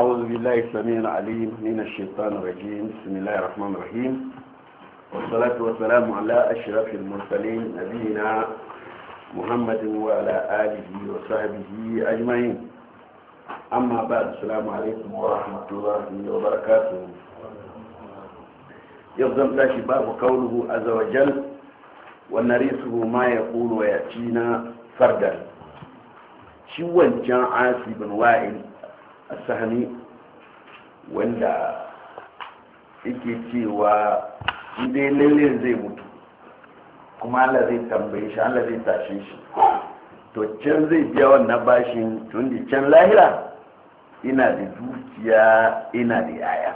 أعوذ بالله السميع العليم من الشيطان الرجيم بسم الله الرحمن الرحيم والصلاة والسلام على أشرف المرسلين نبينا محمد وعلى آله وصحبه أجمعين أما بعد السلام عليكم ورحمة الله وبركاته يفضل لا شباب قوله عز وجل ونريثه ما يقول ويأتينا فردا شو وانجان عاسي بن وائل asahani wanda yake cewa inda lele zai mutu kuma Allah zai tambaye shi Allah zai tashe shi to can zai biya wannan bashin tun da can lahira ina da dukiya ina da yaya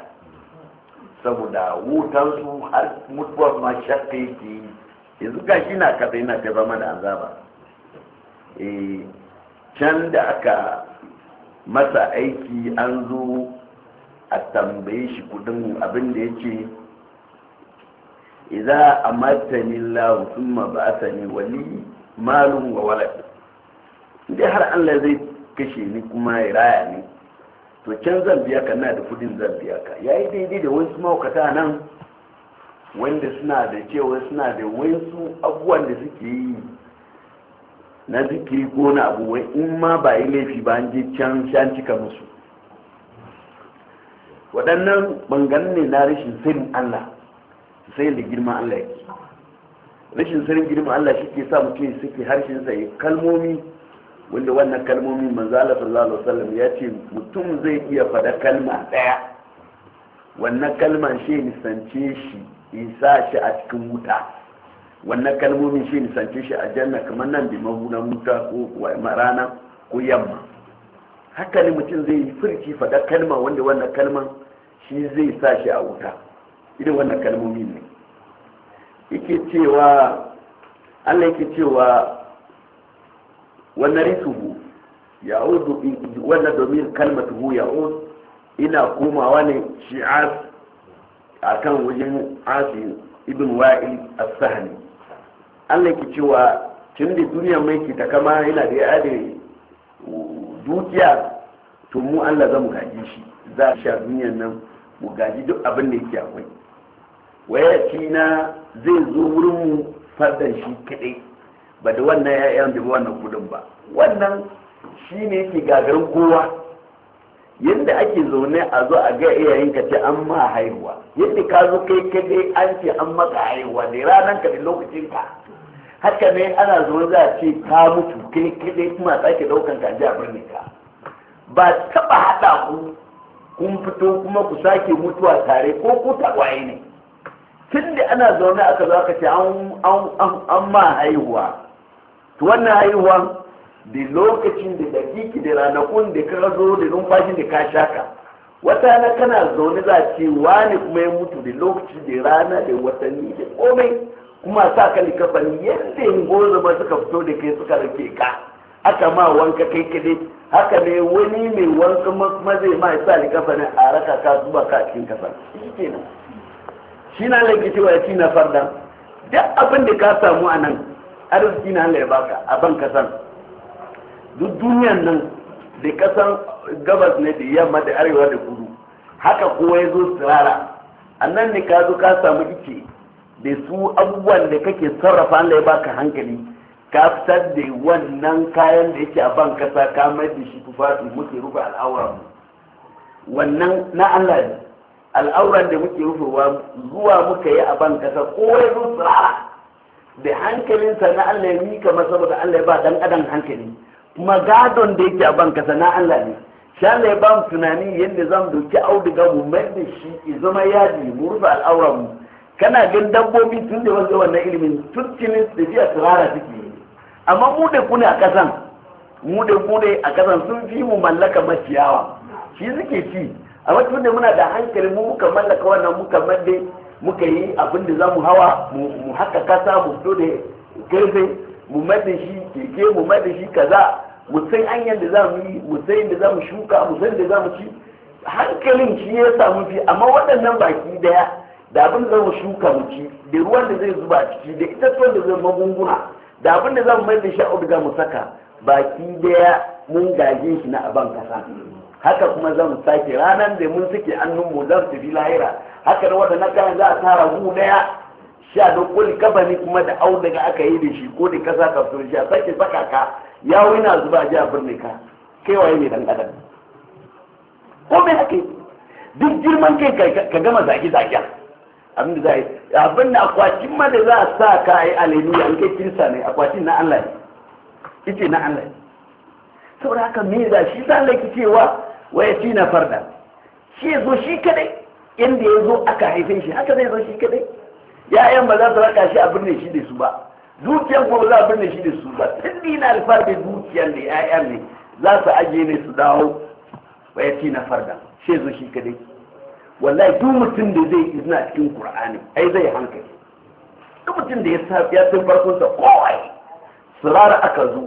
saboda wutansu har mutuwar ma shakka yake yanzu ka shi na kasa yana ta zama da azaba eh can da aka masa aiki an zo a tambaye shi kudin abin da ya ce iza a martanin lahu sun wani wa walad dai har allah zai kashe ni kuma ya raya ni to can zan biya ka na da kudin zan biya ka ya yi daidai da wasu maukata nan wanda suna da cewa suna da wasu abubuwan da suke yi na zikiri ko na abu wai in ma ba yi laifi ba an je can can cika musu waɗannan bangan ne na rashin sanin Allah sai da girma Allah yake rashin sanin girma Allah shi ke sa mutum suke harshen sa ya kalmomi wanda wannan kalmomi manzo Allah sallallahu alaihi wasallam ya ce mutum zai iya fada kalma daya wannan kalman shi nisance shi sa shi a cikin wuta wannan kalmomin shi nisance shi a janna kamar nan da mahuna muta ko rana ko yamma haka ne mutum zai yi firki fada kalma wanda wannan kalman shi zai sa shi a wuta idan wannan kalmomin ne yake cewa allah yake cewa wannan ya ya'udu wannan domin ya ya'ud ina komawa ne shi'ar akan wajen asin ibn wa'il as-sahni Allah ke cewa tun da duniya mai ke ta kama yana da ya da dukiya to mu Allah za mu gaji shi za a sha duniya nan mu gaji duk abin da yake akwai waya ci na zai zo wurin mu fardar shi kadai ba da wannan ya'yan da wannan kudin ba wannan shi ne yake gagarin kowa yadda ake zaune a zo a ga iyayenka ce an ma haihuwa yadda ka zo kai kadai an ce an maka haihuwa da ranar ka da lokacin ka haka ne ana zuwa za a ce ka mutu kai kaɗai kuma a sake ɗaukan ka a birni ka ba taɓa haɗa ku kun fito kuma ku sake mutuwa tare ko ku tagwaye ne tun da ana zaune aka zo aka ce an ma haihuwa to wannan haihuwan da lokacin da dakiki da ranakun da ka zo da numfashin da ka shaka wata na kana zaune za a ce wani kuma ya mutu da lokacin da rana da watanni da komai kuma sa ka likafani yadda yin goza suka fito da kai suka rike ka aka ma wanka kai haka ne wani mai wanka kuma zai ma sa likafanin a raka ka zuba ka cikin kasa shi shi na lagi cewa shi na farda duk abin da ka samu a nan arziki na Allah ya baka a ban kasan duk duniyan nan da kasan gabas ne da yamma da arewa da kudu haka kowa ya zo sirara a nan ne ka zo ka samu ike da su abubuwan da kake sarrafa Allah ya baka hankali ka fitar da wannan kayan da yake a ban kasa ka mai da shi tufafi muke rufe al'auran mu wannan na Allah ne al'auran da muke rufewa zuwa muka yi a ban kasa ko ya zo da hankalinsa na Allah ya mika masa saboda Allah ya ba dan adam hankali kuma gadon da yake a ban kasa na Allah ne shi ne ya ba mu tunani yadda zan doki auduga mu mai da shi zama yadi mu rufe al'auran mu kana gan dabbobi tun da wasu wannan ilimin tun da jiya turara suke yi amma mu da ku ne a kasan mu da ku a kasan sun fi mu mallaka maciyawa shi suke ci amma tun da muna da hankali mu muka mallaka wannan muka malle muka yi abin da za mu hawa mu haka kasa mu fito da karfe mu madde shi keke mu madde shi kaza mu san hanyar da za mu yi mu san da za mu shuka mu san da za mu ci hankalin shi ya samu fi amma waɗannan baki daya da abin da zamu shuka mu da ruwan da zai zuba ciki da ita da zai magunguna da abin da zama mai da shi auduga mu saka baki daya mun gaje shi na aban kasa haka kuma zan sake ranar da mun suke annun mu zan tafi lahira haka da wata nakan za a tara mu daya sha da kafa ne kuma da auduga aka yi da shi ko da kasa ka fito shi a sake saka ka ya wina zuba a ji birni ka kai waye mai dan ko mai haka duk girman kai ka gama zage zagen abinda za a yi abin da akwatin ma da za a sa ka a yi aleluya an kai kinsa ne akwatin na Allah ne kice na Allah ne saboda haka me za shi za Allah ki cewa waya ci na farda shi zo shi kadai inda ya zo aka haife shi haka zai zo shi kadai ya'yan ba za su raka shi a birne shi da su ba dukiyan ko za a birne shi da su ba tun dina alfar da dukiyan da ya'yan ne za su ajiye ne su dawo waya ci na farda shi zo shi kadai wallahi duk mutum da zai izina cikin qur'ani ai zai hankali duk mutum da ya ya san farkon sa kowai sirara aka zo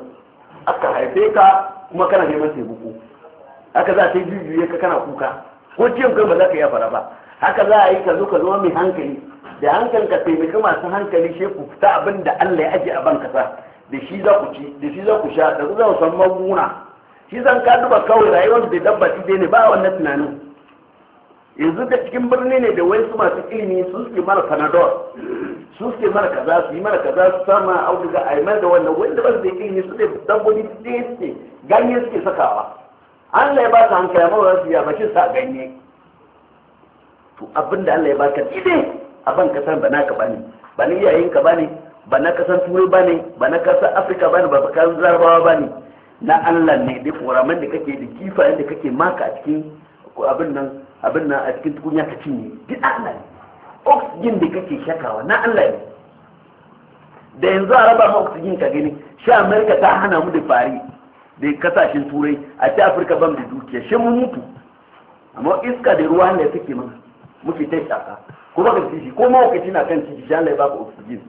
aka haife ka kuma kana neman taimako haka za ta jujuye ka kana kuka ko ciyan kai ba za ka iya fara ba haka za a yi ka zo ka zama mai hankali da hankalinka taimaki masu hankali shi ku fita abin da Allah ya aje a ban kasa da shi za ku ci da shi za ku sha da ku za ku san magunguna shi zan ka duba kawai rayuwar da dabba ne ba wannan tunanin yanzu da cikin birni ne da wani su masu ilimi sun suke mara panadol su suke mara kaza su yi mara kaza su sama auduga a yi mara da wannan wanda ba su da ilimi su ne dabbobi ɗaya suke ganye suke sakawa an lai ba su hankali amma ba su yi bakin sa ganye to abin da Allah ya baka ide a ban kasan ba na ka ba ni iyayen ka ne ba na kasan turai ne ba na kasan afirka ne ba kasan zarabawa ne na Allah ne da koraman da kake da kifayen da kake maka a cikin abin nan abin na a cikin tukunya ka cinye duk Allah ne oxygen da kake shakawa na Allah ne da yanzu a raba ma oxygen ka gani sha Amerika ta hana mu da fari da kasashen turai a ta Afirka ban da dukiya shi mun mutu amma iska da ruwa ne suke mana muke ta shaka ko ba ka ci ko ma wakaci na kan ciki shi Allah ya baka oxygen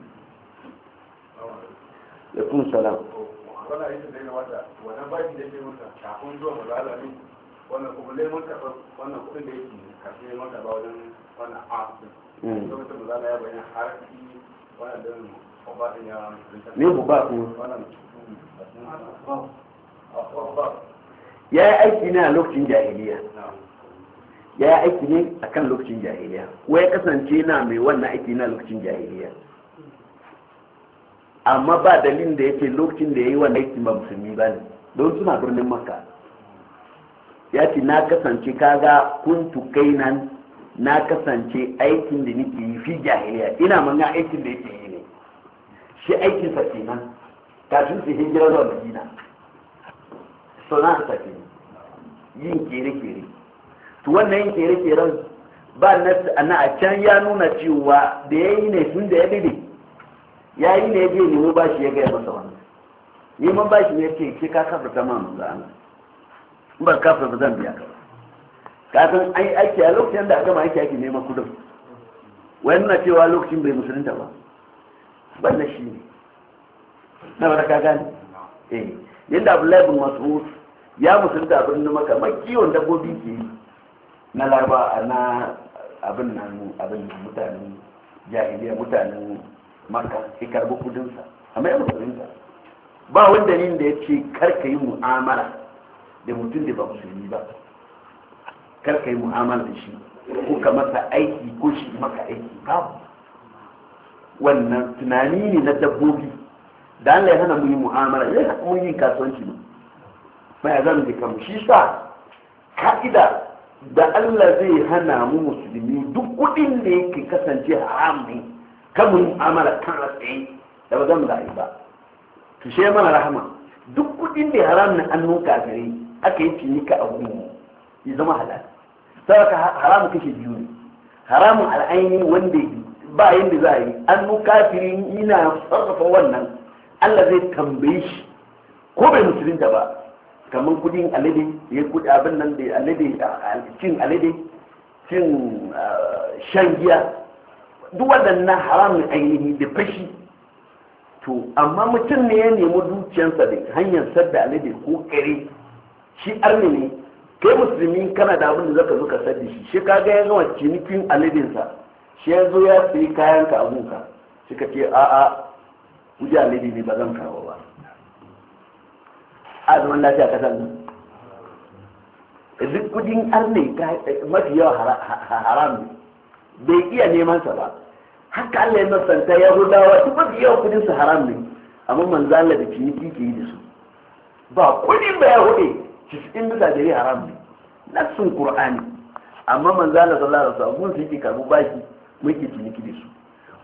ya kun salam wannan aikin da da ke wuta kafin zuwa mazalami wannan kuma neman karɓar wannan kuɗin da yake kafin mata ba wajen wannan arzikin lokacin da zala ya bayyana harfi wannan da babba ɗin ya ne babba kuma ya yi aiki ne a lokacin jahiliya ya yi aiki ne a kan lokacin jahiliya wai kasance na mai wannan aiki na lokacin jahiliya amma ba dalilin da yake lokacin da ya yi wannan aiki ba musulmi ba ne don suna birnin maka. ya ce na kasance kaga kuntu kainan na kasance aikin da nake yi fi jahiliya ina manga aikin da yake yi ne shi aikin sa kenan kafin su hijira zuwa madina sana'ar sa kenan yin kere-kere to wannan yin kere-keren ba na a can ya nuna cewa da ya yi ne sun da ya dade ya yi ne ya mu nemo shi ya gaya masa wannan neman ba shi ne ce ka kafa ta ma za'a ba kafa ba zan biya ka an yi aiki a lokacin da aka ma aiki ake neman kudin wani na cewa lokacin bai musulunta ba banda shi ne na wata ka gani eh yadda abdullahi bin mas'ud ya musulunta a birnin maka makiyon kiwon dabbobi ke na larba na abin nan abin nan mutanen jahiliya mutanen maka sai karbi kudinsa amma ya musulunta ba wanda ne da ya ce karka yi mu'amala da mutum da ba musulmi ba kar ka yi mu'amala da shi ko ka masa aiki ko shi maka aiki babu wannan tunani ne na dabbobi da Allah ya hana mu yi mu'amala ya hana mu yi kasuwanci ne ba ya zama da shi sa ka'ida da Allah zai hana mu musulmi duk kudin da yake kasance haram ne kan mu'amala kan rasai da ba zan da ba to she mana rahama duk kudin da haram ne an nuka gare aka yi cinika a ne ya zama halal saboda haramun kashe biyu ne haramun al'aini wanda ba yadda za a yi an nu kafiri ina sarrafa wannan allah zai tambaye shi ko bai musulunta ba kamar kudin alade ya kudi abin nan da alade cin alade cin shan giya duk waɗannan haramun ainihi da fashi to amma mutum ne ya nemi dukiyarsa da hanyar sadda alade ko kare shi arni ne kai musulmi kana da abin da zaka zo ka sadi shi shi ka ga ya gama cinikin sa shi ya zo ya sayi kayan ka abun ka shi ka ce a'a kuje alibi ne ba zan kawo ba a zaman lafiya ka san eh, duk kudin arni eh, mafi yawa haram ne bai iya neman sa ba haka Allah ya nasanta Yahudawa duk mafi yawa kudin su haram ne amma manzala da ciniki ke yi da su ba kudin ba Yahudi cikin bisa dari haram ne nassun qur'ani amma manzo na sallallahu da wasallam mun yake karbu baki muke ciniki da su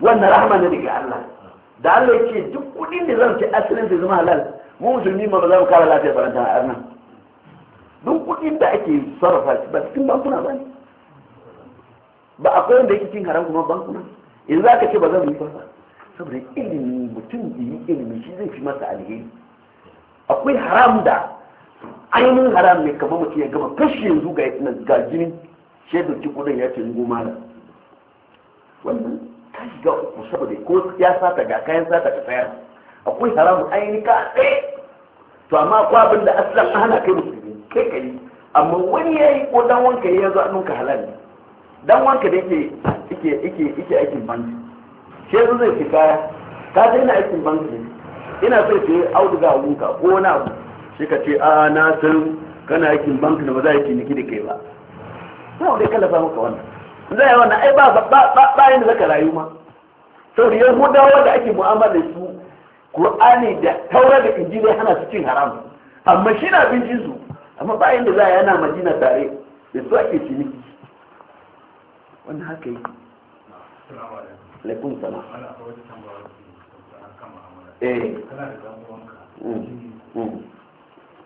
wannan rahama ne daga Allah da Allah yake duk kudin da zan ci asirin da zama halal mu musulmi ma ba za mu kara lafiya baranta a arna duk kudin da ake sarrafa shi ba cikin bankuna ba ne ba akwai wanda yake cin haram kuma bankuna in za ka ce ba zan yi ba saboda ilimi mutum da yi ilimi shi zai fi masa alheri akwai haram da ainihin haram ne kamar mutum ya gama kashi yanzu ga ga jini sai doki kudin ya ce rugu mala wannan ta shiga uku saboda ko ya sata ga kayan sata ka tsayar akwai haramu ainihin ka tsaye to amma akwai abin da aslan hana kai musulmi kai ka yi amma wani ya yi ko dan wanka ya zo annunka halal ne dan wanka da yake yake yake yake aikin banki shi yanzu zai fi kaya ka daina aikin banki ina so ke auduga a ko wani abu shi ka ce a na san kana aikin bankin da ba za a yi ciniki da kai ba da wanda kallafa maka wannan zai yi wannan ai ba ba ba yin da zaka rayu ma da yahudawa da ake mu'amala da su qur'ani da taurar da injili hana su cin haram amma shi na bincin su amma ba yin da za a yana madina tare da su ake ciniki wannan haka yi alaikun salam eh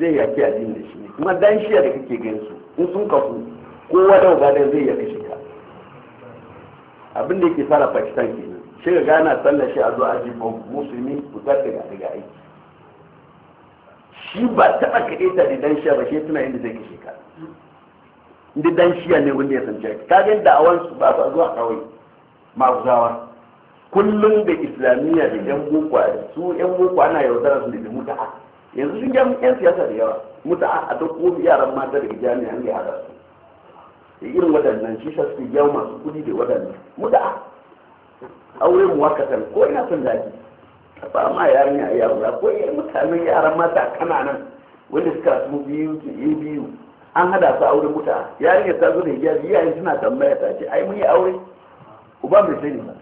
zai yaki addini da shi kuma dan shiya da kake gan su in sun kafu kowa da ugadan zai yafi shi ka abin da yake fara pakistan ke shi ga gana sallar shi a zuwa aji bom musulmi ta daga daga aiki shi ba taɓa kaɗe ta da dan shiya ba shi tuna inda zai kashe ka inda dan shiya ne wanda ya sanci ka ga su ba su zuwa kawai maguzawa kullum da islamiyya da yan boko su yan boko na yaudara su da mutu'a yanzu sun gyan yan siyasa da yawa muta a duk dauko yaran mata daga jami'a ne a rasu da irin waɗannan shi sa suke gyan masu kudi da waɗannan muta a aure mu wakatan ko ina son zaki ba ma yaran ya yaro ko yaran mutanen yaran mata kananan wanda suka su biyu biyu an hada su aure muta yarinya ta zo da hijabi yayin suna tambaya ta ce ai mun yi aure uba mai sani ba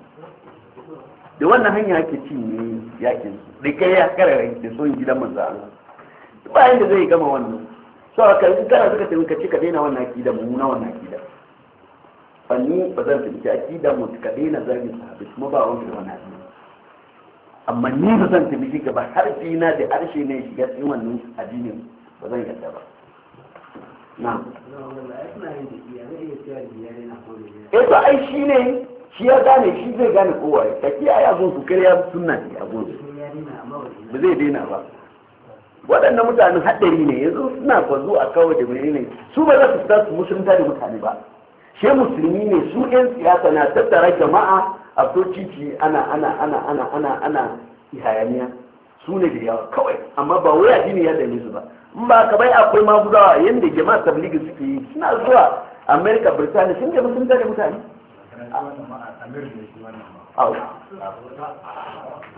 da wannan hanya ake ci ne yakin da kai ya kararai da son gidan manzo Allah bayan da zai gama wannan so aka yi kana suka tafi ka ci ka daina wannan akida mu na wannan akida fanni ba zan tafi akida mu ka daina zargin sahabi kuma ba wani wannan akida amma ni ba zan tafi shi gaba har dina da harshe ne shiga cikin wannan addini ba zan yarda ba na'am na'am na'am na'am shine shi ya gane shi zai gane kowa ya saki a yazon su kariya suna ne a gonsu ba zai daina ba waɗannan mutanen haɗari ne yanzu suna kwazo a kawai da ne su ba za su fita su musulunta da mutane ba shi musulmi ne su yan siyasa na tattara jama'a a tocici ana ana ana ana ana ana hayaniya su ne da yawa kawai amma ba wai addini ya dame su ba in ba ka bai akwai maguzawa yadda jama'a tabligi suke yi suna zuwa amerika birtaniya sun je musulunta da mutane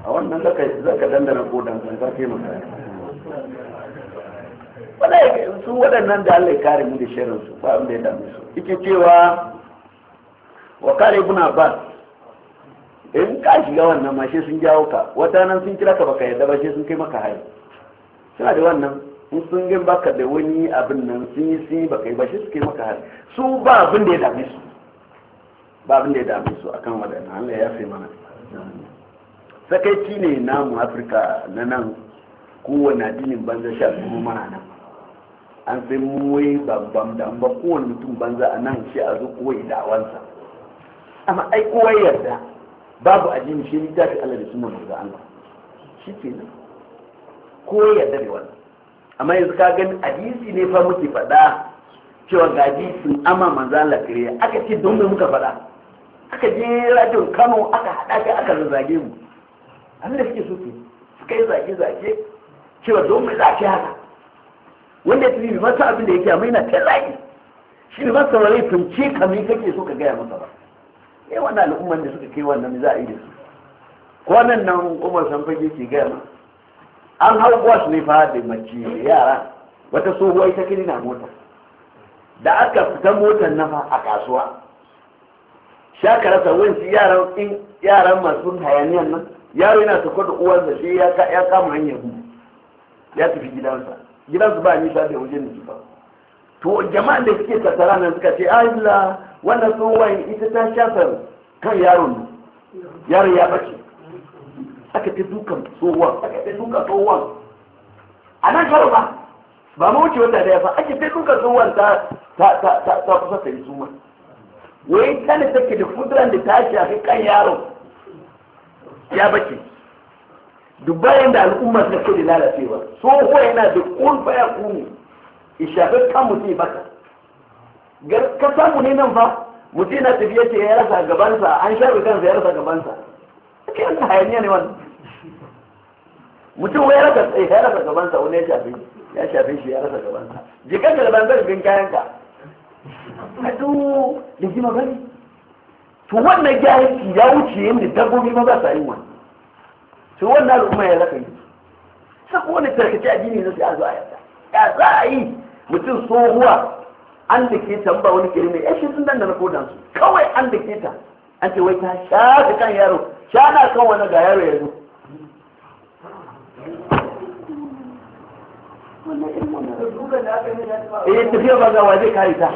a wannan zaka dandana ko dangan zafi maka su waɗannan da Allah ya kare mu da shirin su ba da ya dame su yake cewa wa kare ibn abbas in ka shiga wannan mashe sun jawo ka wata nan sun kira ka baka yadda ba shi sun kai maka hari suna da wannan in sun gin baka da wani abin nan sun yi sun yi baka yi ba shi su kai maka hari su ba abin da ya dame su ba abin da ya dame su akan waɗannan hannun ya fi mana sakaici ne namu afirka na nan kowane addinin banza sha kuma mana nan an sai muwai babban da ba kowane mutum banza a nan shi a zo kowai da awansa amma ai kowai yarda babu addini shi ni tafi Allah da sunan manzo Allah shi ke nan kowai yarda da wannan amma yanzu ka gani hadisi ne fa muke faɗa cewa gaji sun ama manzo Allah kare aka ce don me muka faɗa aka je rajin kano aka haɗa shi aka zage mu abinda suke so ke suka yi zage-zage cewa don mai zage haka wanda ya tafi bai masa abin da yake amma yana ta zage shi bai masa wani tunce kamar kake so ka gaya masa ba eh wannan al'umman da suka kai wannan za a yi da su kwanan nan umar fage ke gaya ma an hau bus ne fa da mace da yara wata tsohuwa ita kiri na mota da aka fita motar na fa a kasuwa sa wanci yaran in yaran masu hayaniyan nan yaro yana sako da uwarsa shi ya ya kama hanyar gudu ya tafi gidansa gidansu ba nisa da wajen da kifa to jama'an da suke tattara nan suka ce ahila wannan tsohon ita ta shafar kan yaron ne yaron ya bace aka ta dukan tsohon aka ta dukan tsohon a nan karo ba ba ma wuce wata da ya fa ake ta dukan tsohon ta ta ta ta kusa ta yi suma wai kan take da kuduran da ta shafi kan yaro ya bace dubbayan da al'umma ta ce da lalacewa tsoho yana da kulfa ya kuni shafi kan mutum baka ka samu ne nan fa mutum na tafiya ce ya rasa gabansa an shafi kansa ya rasa gabansa ake yanzu hayaniya ne wannan mutum wai ya rasa gabansa wani ya shafi ya shafi shi ya rasa gabansa jikan da zai bin kayanka haɗu da ji magani to wannan jahilci ya wuce yadda dabbobi ma za su yi wani to wannan al'umma ya zaka yi sako wani tarkace addini na sai a zo a yarda ya za a yi mutum tsohuwa an da ke ba wani kiri mai yashi sun dandana ko dansu. kawai an da ke ta an ce wai ta ta kan yaro shana kan wani ga yaro ya zo eh tafiya ba za wa zai kare ta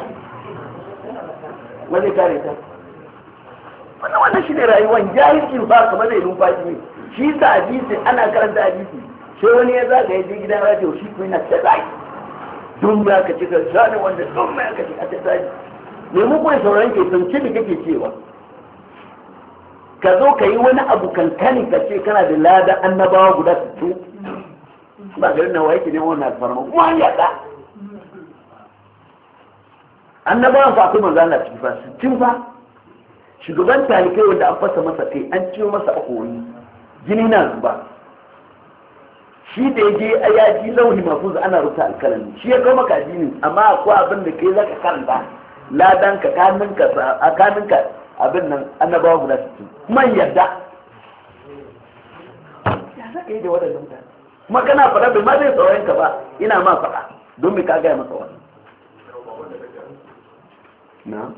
wa zai kare ta wannan wannan shi ne rayuwan jahilcin ba kamar zai numfashi ne shi sa hadisi ana karanta hadisi sai wani ya zaga ya je gidan radio shi kuma yana ta zaki dun ya ka ci gaza ne wanda dun ya ka ci ta zaki me mu kuma sauran ke san ce me kake cewa ka zo ka yi wani abu kankani ka ce kana da lada annabawa guda 60 ba garin nawa yake neman wannan alfarma kuma an yada annabawan fa akwai manzo Allah cikin fa cikin fa shugaban talikai wanda an fasa masa kai an ciwo masa akoyi jini na zuba shi da yaje ya ji lauhi mafuz ana rubuta alkalami shi ya kawo maka jini amma akwai abin da kai zaka karanta ladan ka kanin ka a kanin ka abin nan annabawa guda Kuma man yadda ya zaka yi da wadannan mutane kuma kana faɗa bai ma zai tsawon ka ba ina ma faɗa don me ka gaya masa wani na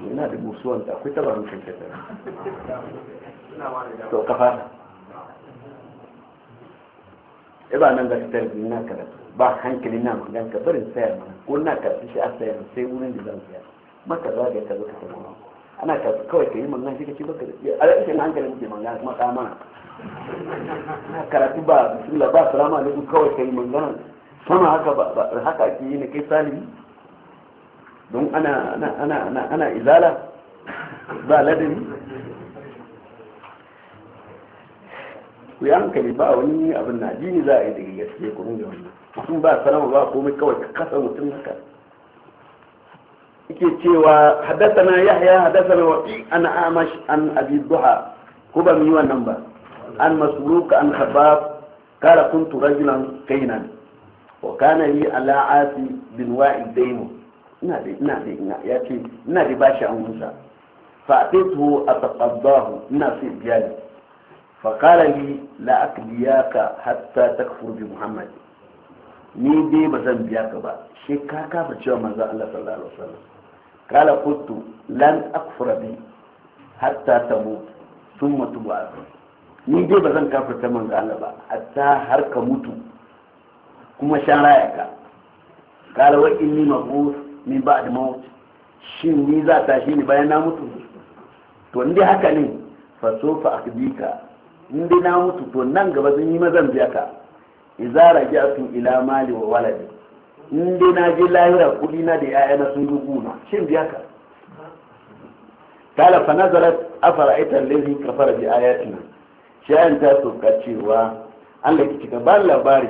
yana da musuwan da akwai tabarin kan kasar to ka eh, ba nan da fitar biyu na karatu ba hankali na magan ka barin sayar mana ko na karfi shi a sayar sai wurin da zan sayar maka zagaya ka zo ka sayar ana kawai ka yi mangana shi ka ci baka da a rikin hankali muke mangana kuma ta mana na karatu ba bismillah ba salamu alaikum kawai ka yi mangana sama haka ba haka ake yi ne kai salimi don ana ana ana ana ana izala ba ladabi ku yi hankali ba wani abin na jini za a yi daga gaske kuma da wani mutum ba salama ba komai kawai ka kasa mutum haka yake cewa haddasana yahya haddasana waqi an amash an abi duha ko ba mu wannan ba an masruq an khabab قال كنت رجلا كينا وكان لي على عاصي بن وائل ina da ina da ina ya ce ina da bashi an musa fa ataitu ataqaddahu ina sai biya ni fa qala li la aqdiyaka hatta takfur bi muhammad ni dai ba zan biya ka ba shi ka ka cewa manzo Allah sallallahu alaihi wasallam قال قلت لن أكفر بي حتى تموت ثم تبعث ni dai ba zan kafirta manzo Allah ba hatta har ka mutu kuma shan raya ka kala wa inni mabus min ba'd maut shin ni za ta shi ni bayan na mutu to in dai haka ne fa sofa akdika in dai na mutu to nan gaba zan yi mazan biya ka idza raja'tu ila mali wa waladi in dai na je lahira kudi na da na sun rubu na shin biya haka kala fa nazara afara ita lazi kafara bi ayatina an ta ka cewa Allah ki cika ba labari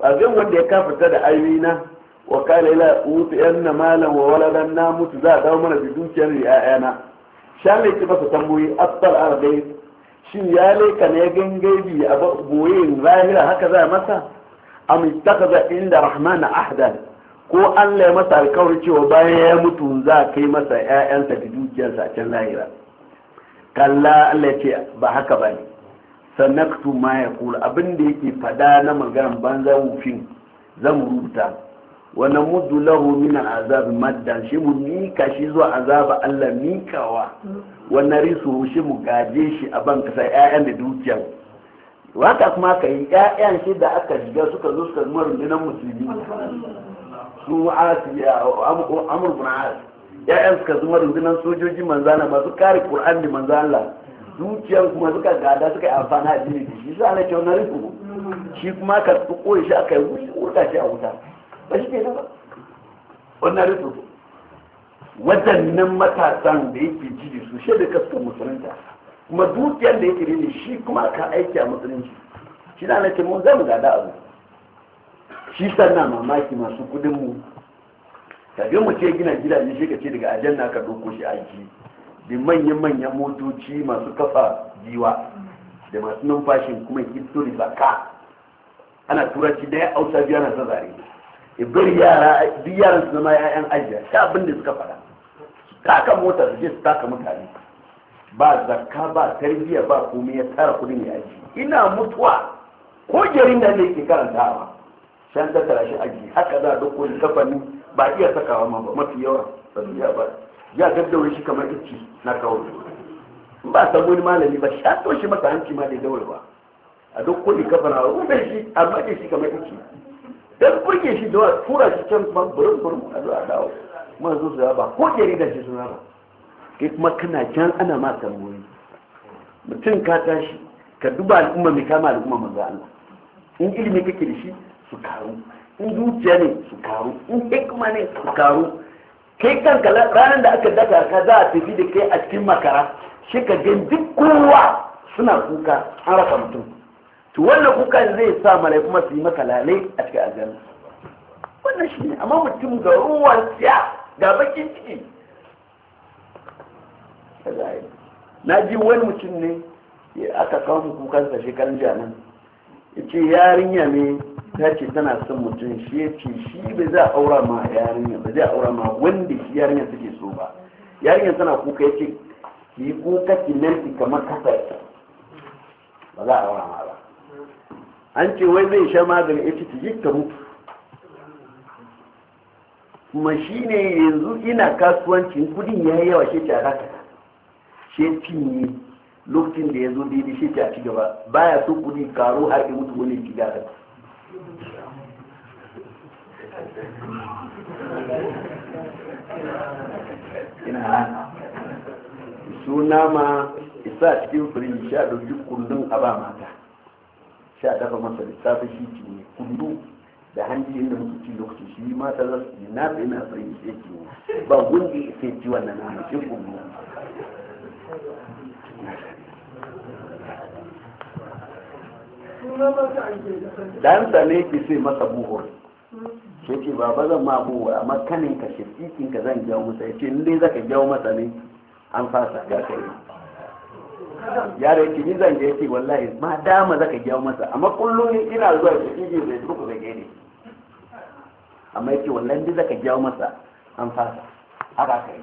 ba zan wanda ya kafarta da ayyina wa kala ila uti anna malan wa waladan na mutu za a dawo mana da dukiyar ƴaƴana shi ne ki masa tamboyi asfar arbai shin ya leka ne gangaibi a boye zahira haka za a masa am ittakhadha inda rahmana ahdan ko Allah ya masa alkawari cewa bayan ya mutu za a kai masa ƴaƴansa da dukiyarsa a can lahira kalla Allah ce ba haka ba ne sanaktu ma ya kula abin da yake fada na magana banza wufin zan rubuta wani mudu lahu min azab maddan shi mu mika shi zuwa azaba Allah mikawa wani risu shi mu gaje shi a ban kasa ƴaƴan da dukiyar waka kuma ka yi ƴaƴan shi da aka shiga suka zo suka zama rundunar musulmi su ya amur bin as ƴaƴan suka zama rundunar sojoji manzana masu kare qur'an da manzana zuciyar kuma suka gada suka yi amfani a jini shi su ana kyau na riko shi kuma ka koyi shi aka yi wuta shi a wuta ba shi ke nan ba wannan riko waɗannan matasan da yake ji da su shaida kaskar musulunta kuma dukiyar da yake rini shi kuma ka aiki a musulunci shi na nake mun zamu gada abu shi sannan mamaki masu kudin mu tabi mu ce gina gidaje shi ka ce daga ajanna ka doko shi aiki da manyan manyan motoci masu kafa jiwa da masu numfashi kuma history baka ana turanci da ya hausa biya na zazare ibir yara duk yaran su zama ya'yan ajiya ta abin da suka fara taka motar su je su taka mutane ba zakka ba tarbiyya ba kuma ya tara kudin ya aji ina mutuwa ko jarin da ne ke ba san ta tara shi aji haka za a dauko kafani ba iya sakawa ma ba mafi yawa ba ba ya gaddaure shi kamar ici na kawai ba san wani malami ba sha to shi maka hanci ma da daure ba a dauko ni kafana rufe shi a maje shi kamar ici dan burge shi da tura shi can burin burin a zuwa a dawo mun zo ba ko jarin da shi suna ba kai kuma kana can ana ma tambayoyi mutum ka tashi ka duba al'umma mai kama al'umma manzo Allah in ilimi kake da shi su karu in zuciya ne su karu in hikima ne su karu kai kanka ranar da aka daga ka za a tafi da kai a cikin makara shi ka gan duk kowa suna kuka an rasa mutum to wannan kuka zai sa malai kuma su yi maka lalai a cikin aljanna wannan shi ne amma mutum ga ruwan siya ga bakin ciki ta na ji wani mutum ne aka kawo mu kukansa shekarun jiya nan ya ce yarinya ne ta ce tana son mutum shi ya ce shi ba za a aura ma yarinya ba a aura ma wanda shi yarinya ke so ba yarinya tana kuka ya ce ki yi kuka ki nanti kamar kasa ba za a aura ma ba an ce wai zai sha magani ya ce ki je ta mutu kuma shi ne yanzu ina kasuwancin kudin ya yi yawa shi ce a shi cinye lokacin da ya zo daidai shi ta ci gaba baya so kudi karo har ya mutu wani ki gada ina suna ma isa cikin firin sha dauki kundin a ba mata sha dafa masa lissafi shi ci ne kundu da hanji inda muke ci lokaci shi mata za su yi na tsaye na ci shi ba gundi sai ci wannan na mace kundu Dan ne ke sai masa buhur ke ce ba ba zan ma buhur amma kanin ka shirkikin ka zan jawo masa ya ce inda za ka jawo masa ne an fasa ga kai yaro ya ce ni zan je ce wallahi ma dama za ka jawo masa amma kullum ina zuwa shirkikin zai turku zai gani amma ya ce wallahi inda za zaka jawo masa an fasa haka kai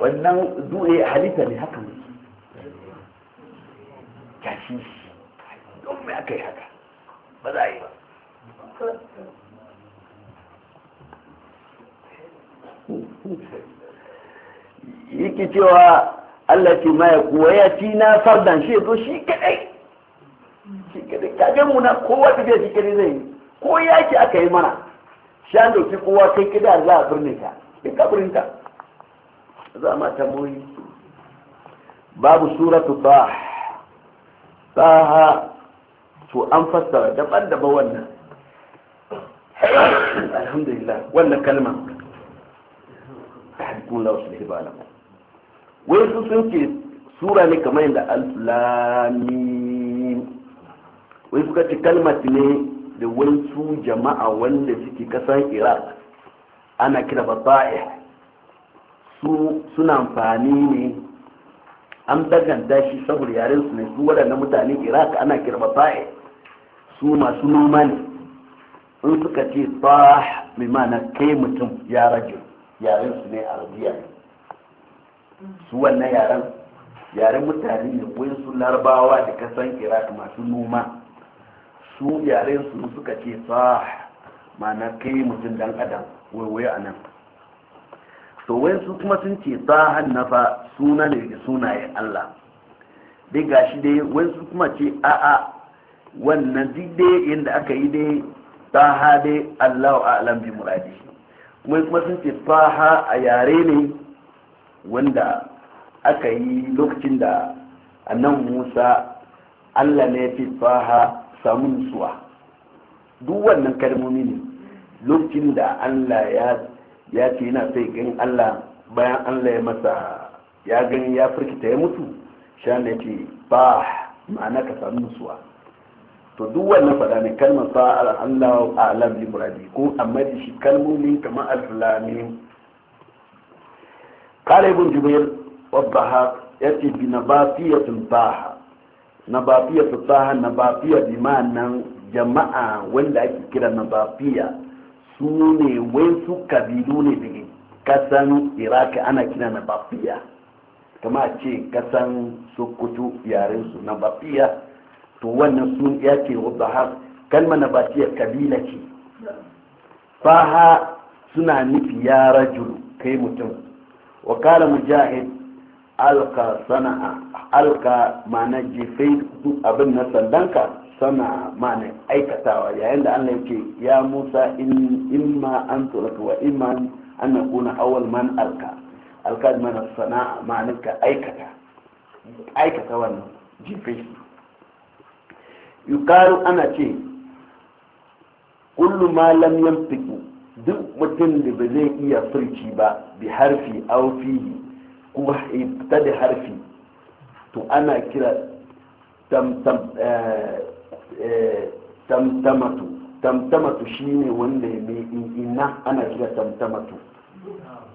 wannan zuwa halitta ne haka ne kashi don mai aka yi haka ba za a yi ba yake cewa Allah ce ma ya kuwa ya ci na sardan shi zo shi kadai shi kadai kagen muna na kowa tafiya shi kadai zai yi ko ya ce aka yi mana an dauki kowa kai kida za a birne ka in kaburinka za ma tamboyi babu suratu bah taha to an fassara daban-daban wannan alhamdulillah wannan kalma alhamdulillah wasu da ba wai su sun ce sura ne kamar yadda alfulami wai suka ce kalmat ne da wasu jama'a wanda suke kasan iraq ana kira ba su suna amfani ne an daganta shi saboda yaren su ne su waɗannan mutane iraq ana kirba fa'i su masu noma ne in suka ce sah mai mana kai mutum ya rage yaren su ne arabiya su wannan yaren yaren mutane ne wani su larabawa da kasan iraq masu noma su yaren su suka ce sah mana kai mutum dan adam waiwai a nan to wayansu kuma sun ce sahan nafa suna ne da sunayen Allah dai gashi dai wayansu kuma ce a'a wannan duk yadda aka yi dai taha dai Allah a alam bi muradi kuma kuma sun ce taha a yare ne wanda aka yi lokacin da annan Musa Allah ne ya ce samun samu nutsuwa duk wannan kalmomi ne lokacin da Allah ya ya ce yana sai ganin allah bayan allah ya masa ya gani ya firkita ya mutu shan ya ce ba ma'ana ka samu musuwa to duk wannan fada ne kalmar sa al'allahu a bi muradi ko amma da shi kalmomin kamar al-fulani kare ibn jubair wa ya ce bi nabatiyatin baha nabatiyatu baha nabatiya bi ma'anan jama'a wanda ake kira nabatiya su ne wasu kabilu ne daga kasan iraq ana kira na bafiya kama ce kasan sokoto yaren su na bafiya to wannan sun ya ce wabahar kalma na bafiya kabila ce faha suna nufi ya rajulu kai mutum wa kala mujahid alka sana'a alka na jefe abin na sandanka sana ma'ana aikatawa yayin da Allah yake ya Musa in ma an turaka wa in ma an na kuna awal man alka alka mana sana'a ma'ana ka aikata aikata wannan jife yukaru ana ce kullu ma lam yamtiku duk mutum da ba zai iya furci ba bi harfi aw fihi kuma ta da harfi to ana kira tam tam eh, Eh, tamtamatu tamtamatu shine wanda ya mai ina ana kira tamtamatu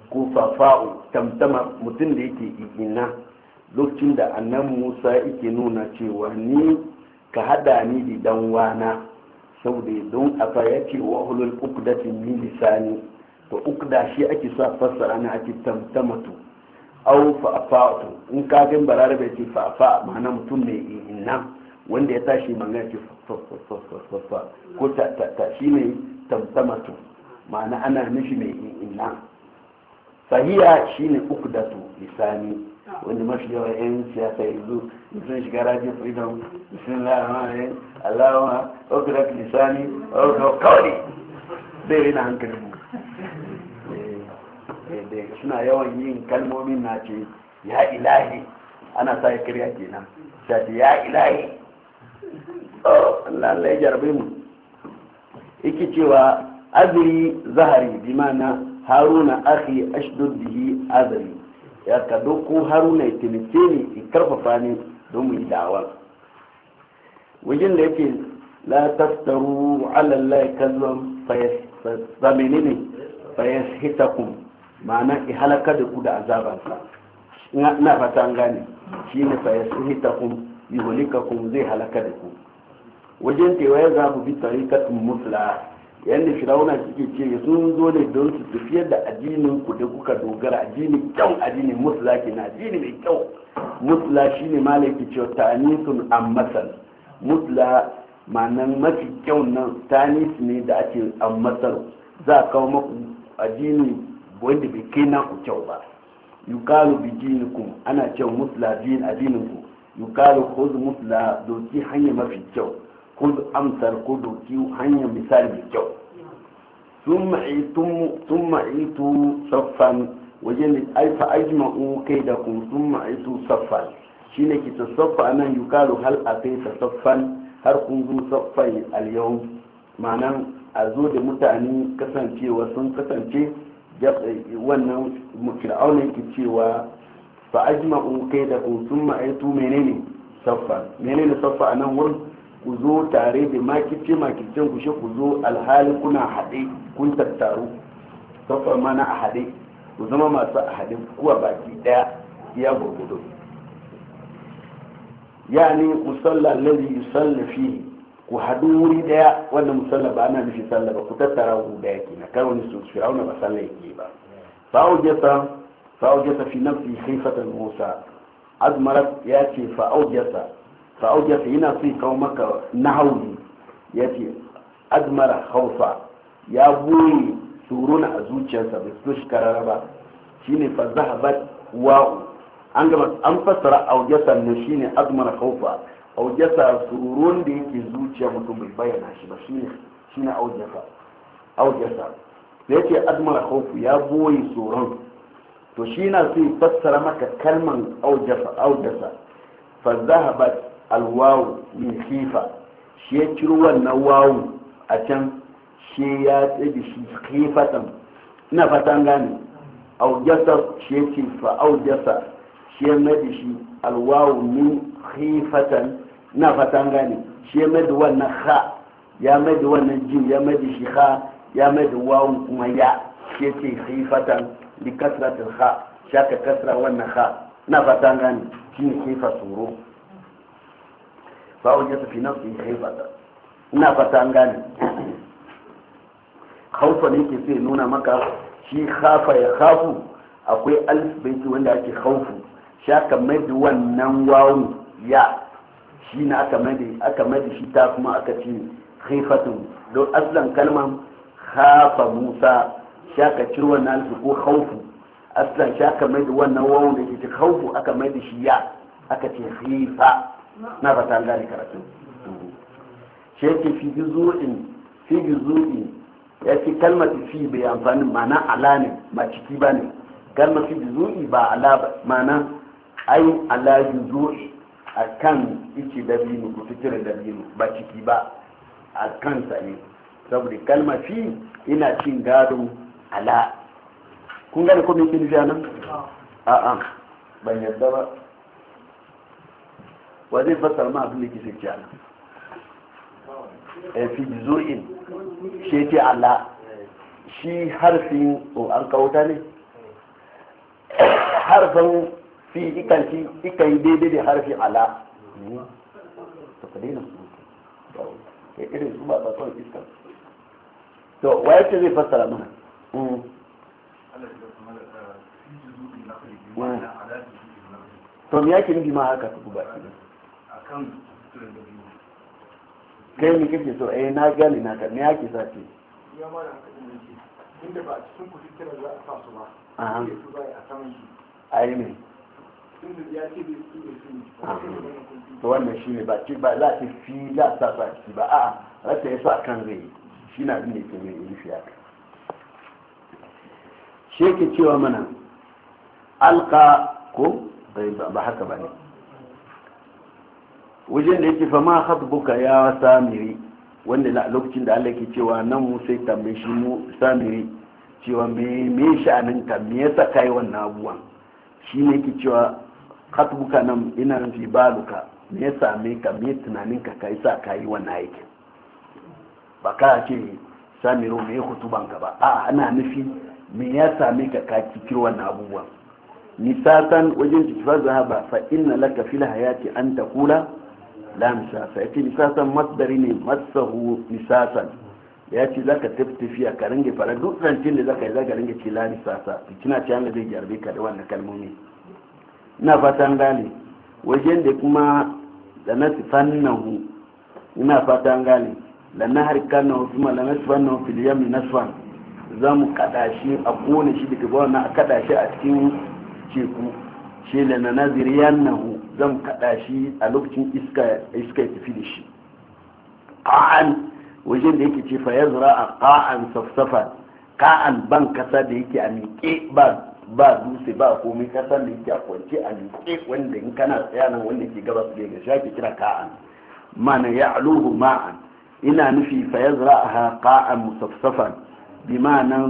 ko fafa'u tamtama mutum da yake ina lokacin da annan musa yake nuna cewa ni ka hada ni da dan wana saboda don afa yake wa hulul uqdati min lisani to ukda shi ake sa fassara na ake tamtamatu aw fa'atu in ka ga bararabe ce fa'fa ma'ana mutum mai ina wanda ya tashi magana fa fasfasfasfasfa ko ta shi ne tamtamatu ma'ana ana nishi mai inna sahiya shi ne uku datu lisani wanda mafi yawa yan siyasa yanzu sun shiga radio freedom sun lalama eh, alama uku datu lisani uku kawai zai rina hankali mu eh, eh, suna yawan yin kalmomin na ce ya ilahi ana sa ya kirya kenan shafi ya ilahi Oh, Allah ya jarabe mu yake cewa azri zahari bi mana haruna akhi ashdud bihi azri ya ka doko haruna ya taimake ni karfafa ni don mu yi dawa wajen da yake la taftaru ala Allah kazwan fayastamini ne fayashitakum ma'ana ihalaka da ku da azabansa ina fata an gane shine fayasitakum yuhlikakum zai halaka da ku wajen cewa ya zamu bi tarikatun musla yanda firauna suke ce sun zo ne don su tafiyar da addinin ku da kuka dogara addini kyau addini musla ke na addini mai kyau musla shine malaki cewa tanisun ammasal musla ma'anan mafi kyau nan tanis ne da ake ammasal za a kawo maku addini wanda bai kai naku kyau ba yukalu bi dinikum ana cewa musla din addinin ku yukalu khuz mutla doki hanya mafi kyau khuz amsar ko doki hanya misali mai kyau thumma itu saffan wajen da aifa ajma'u kai da kun thumma itu saffan shine ki tasaffa nan yukalu hal ataita saffan har kun zo saffan al-yawm a zo da mutane kasancewa sun kasance wannan fir'auna yake cewa fa ajma'u kaidakum thumma aitu menene saffa menene saffa anan wurin ku zo tare da makice makircen ku ku zo alhali kuna haɗe kun tattaru saffa mana a haɗe ku zama masu a haɗe kuwa baki ɗaya ya gurgudu yani musalla alladhi yusalli fi ku haɗu wuri ɗaya wanda musalla ba ana nufi sallah ba ku tattara wuri ɗaya na kar wani su fir'auna ba sallah yake ba ku jasa فأوجس في نفسه خيفة موسى أزمرت يأتي فأوجس فأوجس هنا في قومك نهوي يأتي أزمر خوفا يا بوي سورون أزوجيسا بسوش كراربا شيني فذهبت واو an fassara aujasa ne shine azmara khaufa aujasa sururun da yake zuciya mutum bai bayyana shi ba shine shine aujasa aujasa ya boye tsoron to shi na so yi fassara maka kalman audasa fa zahabat alwawu min khifa shi ya ciro wannan wawu a can shi ya tsaye shi khifatan ina fatan gane audasa shi ya ce fa audasa shi ya mai shi alwawu min khifatan ina fatan gane shi ya mai wannan ha ya mai wannan jin ya mai shi ha ya mai wawu kuma ya shi ya ce khifatan bi kasratil sha shaka kasra wannan kha na fata gani shine kifa tsoro fa wajen su fi nafsi fata ina fata gani khawfa ne ke sai nuna maka shi hafa ya hafu akwai alif baiti wanda ake haufu shaka mai da wannan wawu ya shi na aka mai da shi ta kuma aka ce haifatun don aslan kalman hafa musa shaka ciro wannan alfi ko haufu aslan shaka mai da wannan wawon da ke cikin haufu aka mai da shi ya aka ce haifa na fata ta gane karatu shi yake fi gizu'in fi gizu'in ya fi kalmar fi bai amfani ma'ana ala ne ba ciki ba ne kalmar fi gizu'i ba ala ba mana ai ala gizu'i a kan ice dabino ko fitirin dabino ba ciki ba a kansa ne saboda kalmar fi ina cin gado ala kun gane ko me kini nufi a a ban yadda ba wa zai fassara ma abin da ke sai kenan a eh, fi zo'in shi ke ala shi harfin o an kawuta ne eh. harfin fi ikan shi ikan yi daidai da harfi ala to ka daina su irin su ba ba kawai iska to wa yake zai fasara mana tom mm. ya ke nufi ma haka su ba ki kai ne kake so eh na gani na ka me yake sa ce ya ma inda ba cikin ku kira za a fasu ba a su ba a saman shi ai ne ya ce bai su su ne ne to wannan shi ne ba ci ba za a ce fi za a sa ba a'a rasa ya sa kan zai shi na abin da ke mai nufi haka shi cewa mana alka ko ba haka ba ne wajen da yake fama hatbuka ya samiri wanda lokacin da Allah ke cewa nan mu sai tambaye shi mu samiri cewa me me sha'anin ka me yasa yi wannan abuwan shi ne yake cewa hatbuka nan ina ba baluka me ya same ka me tunanin ka kai sa ka yi wannan aiki, ba ka ce samiru mai hutu ka ba a ana nufi me ya same ka ka kikir wannan abubuwa nisatan wajen jikifar zahaba fa inna laka fil hayati an taqula la misasa yace nisasan masdari ne masahu nisasan ya ce za ka tafi tafiya ka ringe fara duk rancin da za ka yi za ka ringe ce la nisasa kina ce hannu zai jarbe ka da wannan kalmomi ina fatan gane wajen da kuma da na hu ina fatan gane lanna harkar na hukumar lanna sifannahu fil na nasfan za mu kada shi a kone shi daga wannan na kada shi a cikin ceku shi da na naziriyan nahu zan kada shi a lokacin iska iska ya tafi da shi qa'an wajen da yake ce fa yazra a qa'an safsafa qa'an ban kasa da yake a miƙe ba ba dutse ba komai kasa da yake a kwance a miƙe wanda in kana tsaya nan wanda ke gabas da ga shafi kira ƙa'an. mana ya aluhu ma'an ina nufi fa yazra a qa'an musaffafan bi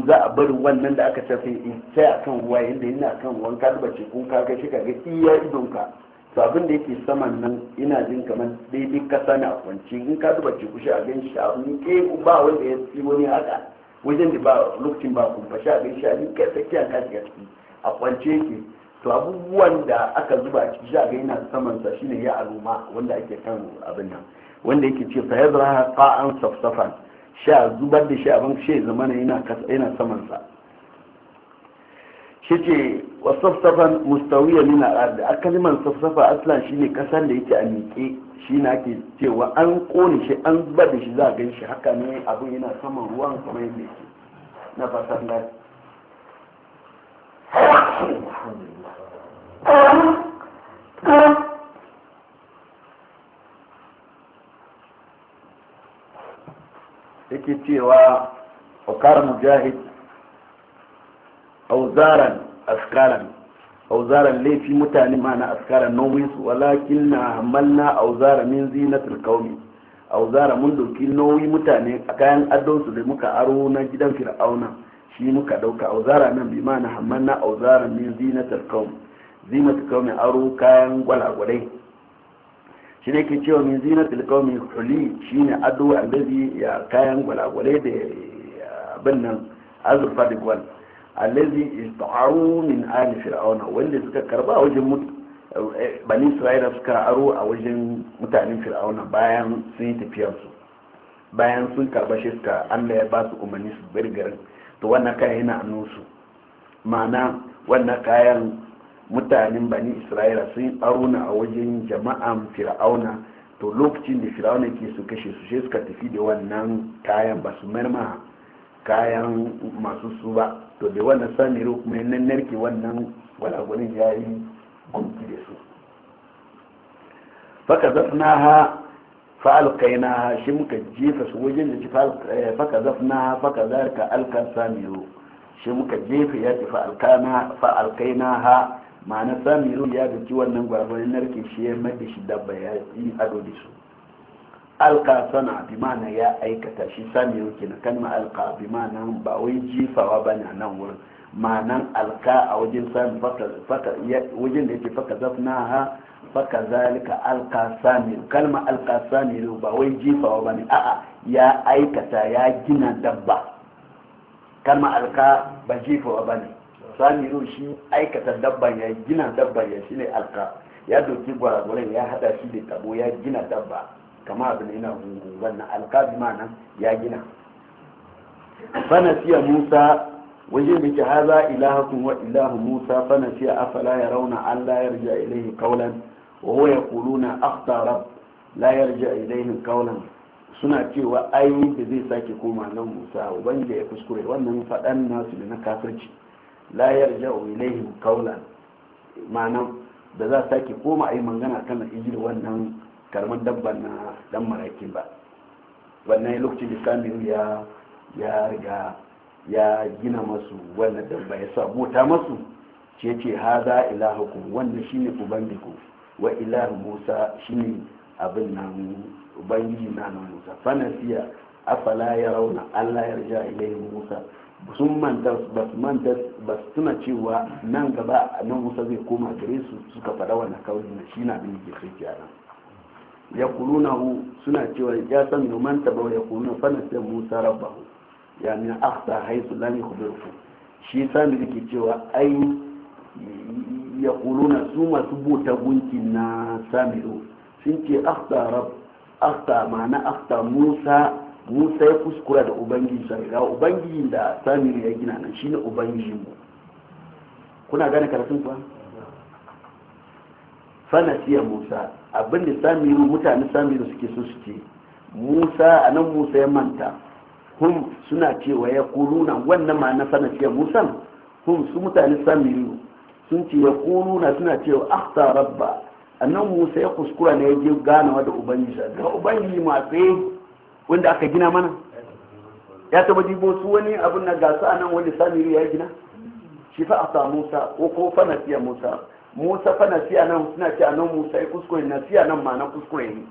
za a bari wannan da aka tafi in sai a kan ruwa yadda yana kan wanka kalbace kun ka kai shi ka ga iya idon ka to abin da yake saman nan ina jin kamar daidai kasa na kwanci in ka duba ce kushi a gan shi a ke ba wanda ya fi wani haka wajen da ba lokacin ba kun fashi a gan shi a ni kai tsakiya ka shiga ciki a kwance yake to abubuwan da aka zuba a ciki a ga yana saman sa shine ya aluma wanda ake kan abin nan wanda yake ce fa yadra qa'an safsafan sha zubar da shi abin shi zamana yana samansa shi ce wa safsafan mustawiya min al'ardi a kalmar safsafa aslan shi ne kasar da yake a miƙe shi na ke cewa an kone shi an zubar da shi za a gan shi haka ne abin yana saman ruwan kamar yadda yake na fasar da Thank yake cewa wakar mujahid auzaran askaran auzaran laifi mutane mana askaran nauyinsu walakin na hamalna auzara min zinatul kaumi auzara mun doki nauyi mutane a kayan adonsu da muka aro na gidan fir'auna shi muka dauka auzara nan bi mana hamalna auzara min zinatul kaumi zinatul kaumi aro kayan gwalagwalai shi ne ke cewa min zina tilkaumi huli shi ne ado allazi ya kayan gwalagwale da abin nan azurfa da gwal alladhi istaru min ali fir'auna wanda suka karba a wajen eh, bani isra'ila suka aro a wajen mutanen fir'auna bayan sun yi su bayan sun karba shi suka allah ya ba su umarni su birgirin to wannan kayan yana annunsu ma'ana wannan kayan mutanen bani isra'ila sun aruna a wajen jama'an fir'auna to lokacin da fir'auna ke su kashe su sai suka tafi da wannan kayan ba su marma kayan masu su ba to da wannan samiro kuma nan narke wannan walagunin ya yi gunki da su faka zafna ha na ha shi muka jefa su wajen da ci eh, faka zafna ha faka zarka alkan samiro shi muka jefa ya ci fa'alkaina ha ma'ana samun ya doki wannan gwargwarin narke shi ya maɗe shi dabba ya yi ado da su alka sana bi ma'ana ya aikata shi sami yau kenan kalma alka bi ma'ana ba wai jifawa ba na nan wurin ma'anan alka a wajen sami wajen da yake faka zafna ha faka zalika alka sami kalma alka sami yau ba wai jifawa ba ne a'a ya aikata ya gina dabba kalma alka ba jifawa ba ne samiru shi aikata dabba ya gina dabba ya shi ne alka ya doki gwaragwaran ya hada shi da tabo ya gina dabba kama abin yana gungun na alka bi ma'ana ya gina fanasiya musa wajen da ke haza ilahakun wa ilahu musa fanasiya afala ya rauna an la yarja ilaihi kaulan wa huwa yaquluna akhta rab la yarja ilaihi kaulan suna cewa ai da zai sake koma nan musa wanda ya kuskure wannan faɗan nasu da na kafirci la yarja ilaihim kaulan ma'ana da za sake koma ayi mangana kan ijir wannan karman dabban na dan marakin ba wannan lokacin da samiru ya ya riga ya gina masu wannan dabba ya ta masu ce ce haza ilahukum wannan shine ubangiku wa ilah musa shine abin nan ubangiji na musa nasiya afala ya rauna allah ya rija ilayhi musa sun manta ba su manta ba su tuna cewa nan gaba nan musa zai koma gare su suka faɗa wannan kawai na shi na bin ke kyanan ya kuru na hu suna cewa ya san da manta ba ya na fana sai musa hu ya min akhta haisu lam yukhbiruhu shi sami da ke cewa ai ya na su masu bota gunki na sami samiru sun ce akhta rab na ma'ana akhta musa musa ya kuskura da ubangiji sa ga ubangiji da samiri ya gina nan shine ubangijin mu kuna gane karatun kuwa fanasiya musa abin da samiru mutane samiru suke so su ce musa a nan musa ya manta hum suna cewa ya kuluna wannan ma na fanasiya musa hum su mutane samiru sun ce ya kuluna suna cewa akhta rabba nan musa ya kuskura ne ya je ganawa da ubangiji ga ubangiji ma tsaye wanda aka gina mana ya taba dibo su wani abin na gasu a nan wanda samiru ya gina shi fa a sa musa ko ko fa na siya musa musa fa na siya nan suna ce a nan musa ya kuskure na siya nan ma na kuskure ne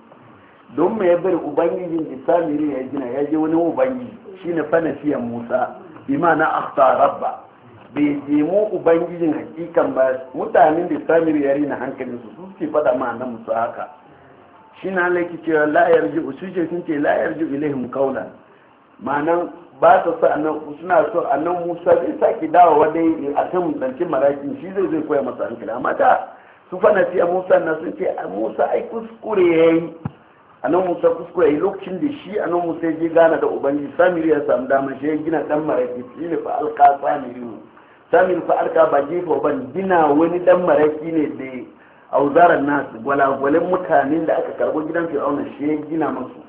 don me ya bari ubangijin da samiru ya gina ya je wani ubangiji shi ne fa na siya musa bi ma na akhta rabba bai mu ubangijin hakikan ba mutanen da samiru ya rina hankalinsu su ce fada ma nan musa haka shi na laiki cewa la'ayar ji usuje sun ce la'ayar ji ilahim kaula ma'anan ba ta sa nan suna so a nan musa zai sake wa dai a kan zancen marakin shi zai zai koya masa hankali amma ta su fana ce a musa na sun ce a musa ai kuskure ya yi a nan musa kuskure ya yi lokacin da shi a nan musa ya je gana da ubangi samiri ya samu damar shi ya gina dan maraki shi ne fa alka samiri samiri fa alka ba gefe ban gina wani dan maraki ne da auzaran nasu, gwalagwalen mutanen da aka karbo gidan fir'auna shi ya gina musu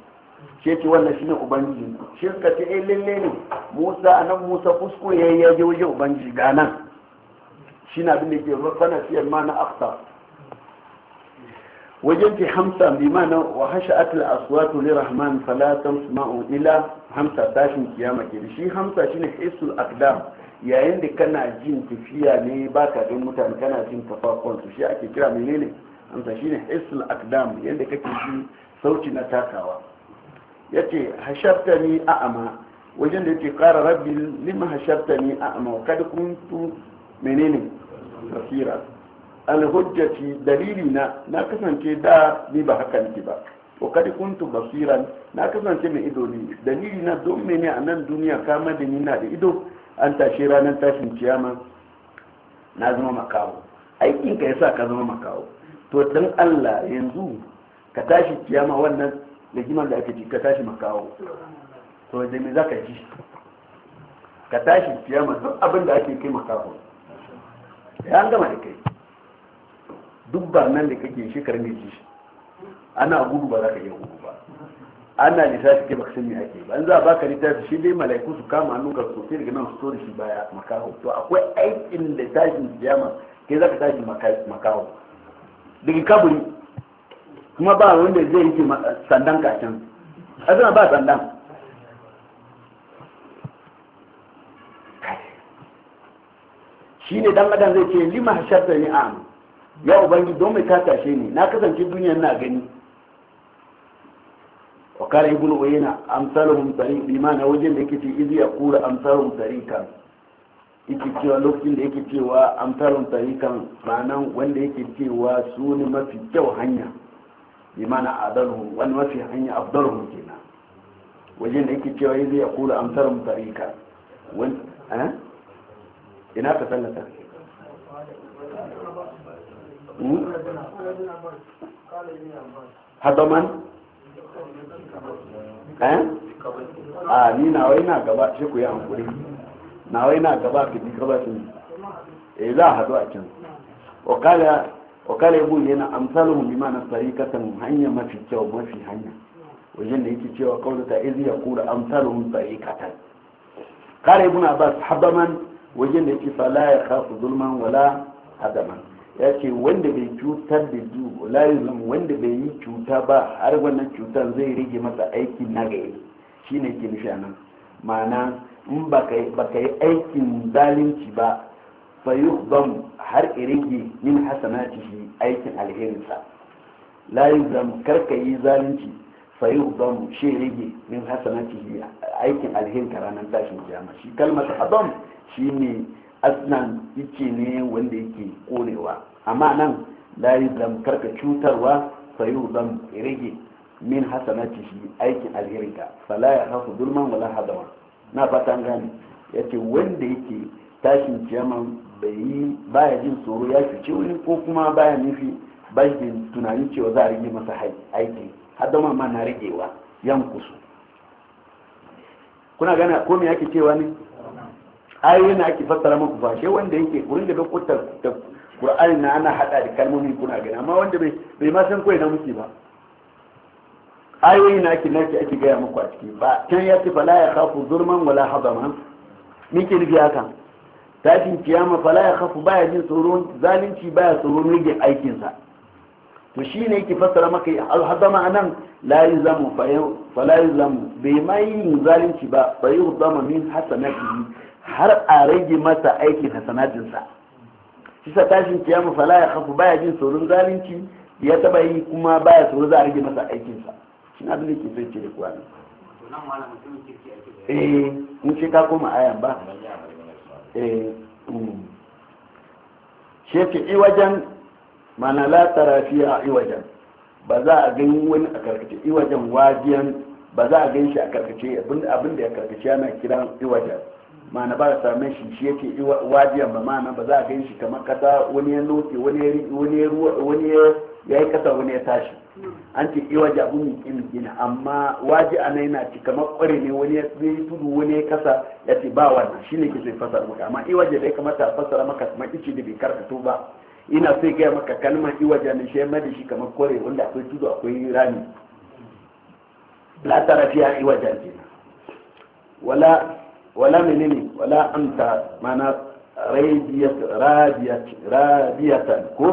shi yake wannan shine ubangiji shi suka ce eh lalle ne Musa anan Musa fusko yayi ya je wajen ubangiji ga nan shine abin da yake rafana shi ma na akhta wajen ce hamsa bi mana wa hasha'at al-aswatu rahman fala tamsma'u ila hamsa tashin kiyama ke shi hamsa shi ne hisul aqdam yayin da kana jin tafiya ne ka don mutane kana jin kafafuwan su shi ake kira menene amsa shine hisul akdam yadda kake shi sauci na takawa yace a a'ama wajen da yake kara rabbi lima hashartani a'ama wa kuntu menene basira alhujjati dalili na na kasance da ni ba haka nake ba kada kun kuntu basiran na kasance mai ido ne dalili na don mene a nan duniya kama da ni na da ido an tashi ranar tashin ciyama na zama makawo aikin ka yasa ka zama makawo to dan Allah yanzu ka tashi ciyama wannan rigimar da ake ji ka tashi makawo to da me zaka ji ka tashi ciyama duk abin da ake kai makawo ya an gama da kai duk ba nan da kake shekarun da ji ana gudu ba za ka iya gudu ba ana lissafi ke baka ake ba an za baka littafi shi dai mala'iku su kama hannunka su sai daga nan su shi baya makaho to akwai aikin da tashin kiyama ke zaka ka tashi makaho daga kaburi kuma ba wanda zai yi sandan kacin azana ba sandan shi ne dan adam zai ce lima hasharta ni am ya ubangi don mai ka tashe ni na kasance duniyar na gani وقال ابن عيينة أمثالهم طريق بمعنى وجن لكتي إذ يقول أمثالهم طريقا yake cewa lokacin da yake cewa amsarin kan ranar wanda yake cewa su ne mafi kyau hanya bi mana adalhu wani mafi hanya abdalhu kenan wajen da yake cewa yanzu ya kula amsarin tarika ina ka sallata hadaman eh ni na wai na gaba shi ku yi hankuri na wai na gaba ka ji gaba sun eh za a hadu a can wakala wakala yabu yana amsaluhum bi ma'ana tariqatan hanya mafi kyau mafi hanya wajen da yake cewa ta izi ya kura amsaluhum tariqatan kare ibn abbas habaman wajen da yake fala ya khafu zulman wala hadaman ya ce wanda bai cutar da ju layin wanda bai yi cuta ba har wannan cutar zai rage masa aiki na gari shi ne ke nufi ma'ana in ba ka yi aikin zalunci ba fayu ban har irige min hasana shi aikin alherinsa layin zam karka yi zalunci fayu ban shi rage min hasana shi aikin alherinka ranar tashin jama shi kalmar adam shi ne asnan ice ne wanda yake konewa amma nan layi zam karka cutarwa fayu zan rage min hasanati shi aikin alherinka fala ya hafu dulman wala hadama na fatan gani ya ce wanda yake tashin ciyaman bai yi baya jin tsoro ya fice wani ko kuma baya nufi ba shi tunanin cewa za a rage masa aiki hadama ma na ragewa yan kusu kuna gana ko me yake cewa ne ayoyin ake fassara muku ba shi wanda yake wurin da bai kuta qur'ani na ana hada da kalmomi kuna gani amma wanda bai bai ma san koyi na muke ba ayoyi na ake nake ake gaya muku a ciki ba can ya ce fala ya khafu zurman wala hadaman mike nufi haka tashin kiyama fala ya khafu baya jin tsoro zalunci baya tsoron rage aikinsa to shi ne yake fassara maka alhadama a nan la yi zamu fa la yi zamu bai ma yin zalunci ba fa yi min hasanatihi har a rage masa aikin hasanatinsa shi sa tashin kiyama fala ya khafu baya jin tsoron zalunci ya taba yi kuma baya tsoro za a rage masa aikinsa shi abin da ke son ce da kuwa ne eh in ce ka koma ayan ba eh mm. shi yake iwajen mana la tarafiya iwajen ba za a gani wani a karkace iwajen wajiyan ba za a gani shi a karkace abin da ya karkace yana kiran iwajen ma'ana ba a same shi shi yake wajiyan ba ma'ana ba za a gan shi kamar kasa wani ya noke wani ya ruwa wani ya yi kasa wani ya tashi an ce iwa jabu mu kin gina amma waji a na ci kamar kware ne wani ya yi tudu wani ya kasa ya ce ba wannan shi ne ke zai fasara maka amma iwa da ya kamata fasara maka kamar ice da bai karkato ba ina sai gaya maka kalmar iwa jami shi ya mada shi kamar kware wanda akwai tudu akwai rami la tarafiya iwa jami wala wala menene wala anta mana radiyatan ko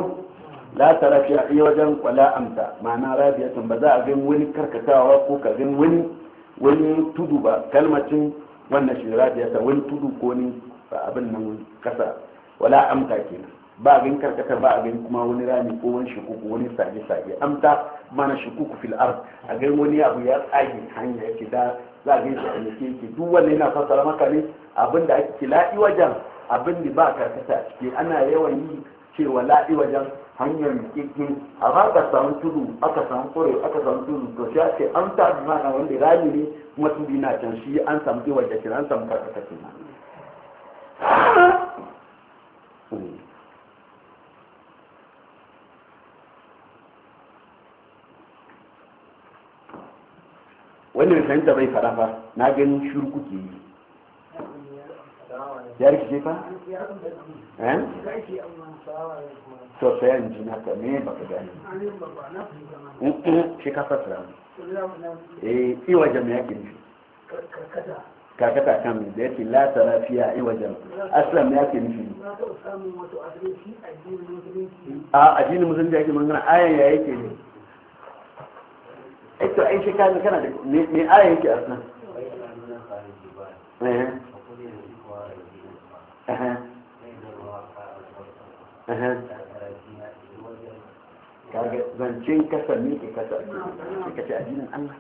la tara fi a wajen wala amta mana radiyatan ba za a gani wani karkatawa ko ka gani wani wani tudu ba kalmacin wannan shi radiyatan wani tudu ko ni abin nan kasa wala amta kenan ba abin karkata ba abin kuma wani rami ko wani shukuku wani sage-sage amta mana shukuku fil ard a ga wani abu ya tsage hanya yake da za a ga shi a yake yake duk wanda yana fassara maka ne abin da ake la'i wajen abin da ba karkata ke ana yawan yi cewa la'i wajen hanyar A ba ka samu tudu aka samu kore aka samu tudu to shi ake amta mana wanda rami ne kuma tudu na can shi an samu kewa da kira an samu karkata kenan wannan fahimta bai fara fa na ganin shuru kuke yi ya rikice fa? eh? to sai an ji naka me baka gani shi ka eh iwa jami'a ke nufi kakata kan mai da yake lata lafiya a wajen aslam ya ke nufi a addinin musulunci ake magana ayan ya yake ne ita eh ai shi kana kana da me aya yake a sunan eh. eh. kaga zancen kasa ne ke kasa ake kace addinin Allah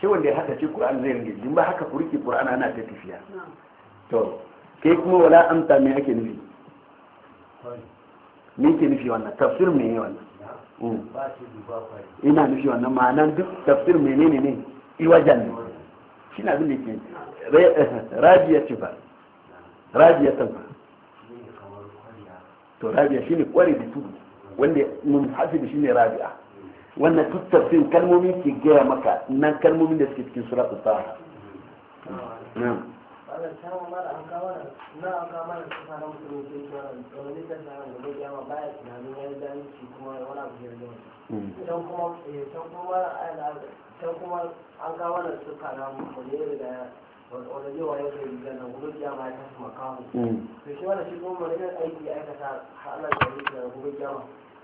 shi wanda ya haka ce Qur'an zai ringe jin ba haka furki Qur'an ana ta tafiya to kai kuma wala amta me ake nufi me ke nufi wannan tafsir me ne wannan Hmm. ina nufi wannan ma'anan duk tafsir menene ne iwajen ne shi na abin ke rajiya ce ba rajiya ta ba to rajiya ne kware da tudu wanda mun hafi shi ne rajiya wannan duk tafsir kalmomi ke gaya maka nan kalmomin da suke cikin suratun fatiha hmm. halarta wa mara an kawo na an kawo mara su fara mutum ne ke kuma da wani da sa ran gobe jama baya tunanin ya yi zalunci kuma wani abu ya zama hmm. can kuma eh, can kuma eh, can kuma an kawo na su fara mutum ne da wanda zai waye da riga na gobe jama ya kasu makamu hmm. to shi wanda shi kuma wani yan aiki ya aikata halar da riga na gobe jama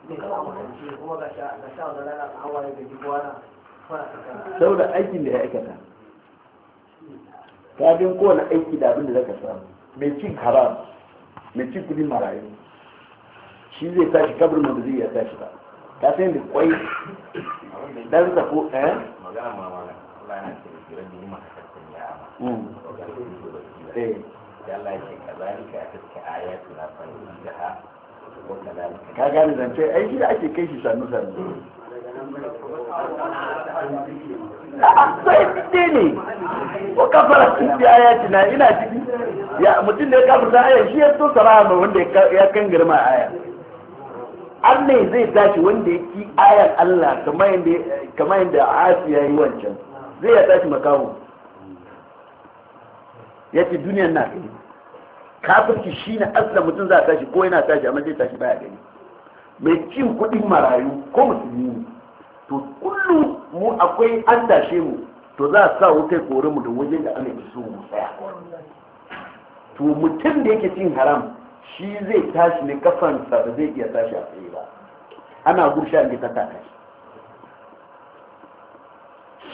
ne kama mutunci kuma ga sha wanda lalata hawaye da duk wani saboda aikin da ya aikata hmm. ka bin kowane aiki da abin da zaka samu mai cin haram mai cin kudin marayu shi zai tashi kabar da zai ya tashi ba ka san da kwai dan ko eh magana Allah yana da rabbi ni ya mm. eh Allah ya kazalika ka gane zance ai shi da ake kai shi sannu sannu mm. sai fide ne ko kafara sun fi aya na ina ciki ya mutum da ya kafirta aya shi ya so sara ma wanda ya kan girma aya an ne zai tashi wanda ya ki ayan Allah kamar yadda Asi ya yi wancan zai ya tashi makawo ya ce duniyan na gani kafirci shi na asila mutum za a tashi ko yana tashi amma zai tashi baya gani mai cin kuɗin marayu ko musulmi ne to kullum mu akwai an dashe mu to za a sa wuta kore mu da wajen da ana iso mu tsaya to mutum da yake cin haram shi zai tashi ne kafansa da zai iya tashi a tsaye ba ana gursha in ta taka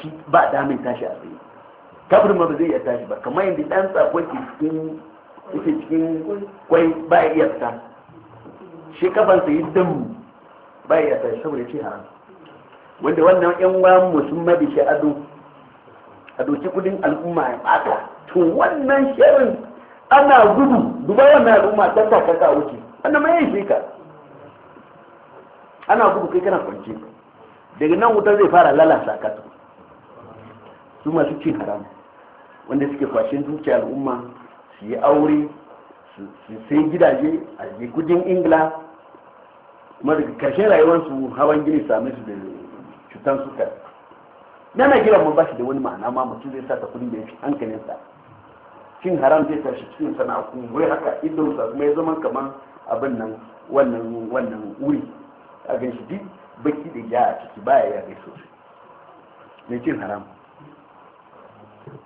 shi ba damin tashi a tsaye kafin ma ba zai iya tashi ba kamar yadda ɗan tsakon cikin ita cikin kwai ba iya fita shi kafansa yi dam ba iya tashi saboda ce haram wanda wannan yan uwan mu sun mabi shi ado a doki kudin al'umma ya bata to wannan shirin ana gudu duba wannan al'umma ta ta kaka wuce wannan mai yin ka ana gudu kai kana kwance daga nan wutar zai fara lalasa ka su masu cin haram wanda suke kwashin zuciya al'umma su yi aure su sai gidaje a je kudin ingila kuma daga karshen rayuwarsu hawan gini same su da cutan sukari na najeriya mun ba shi da wani ma'ana ma mutum zai ta kudi da yake fi hankalinsa cin haram zai tashi cikin kuma wai haka idonsa kuma ya zama kamar abin nan wannan wannan wuri a gan shi duk baki da ya a ciki baya ya gai sosai mai cin haram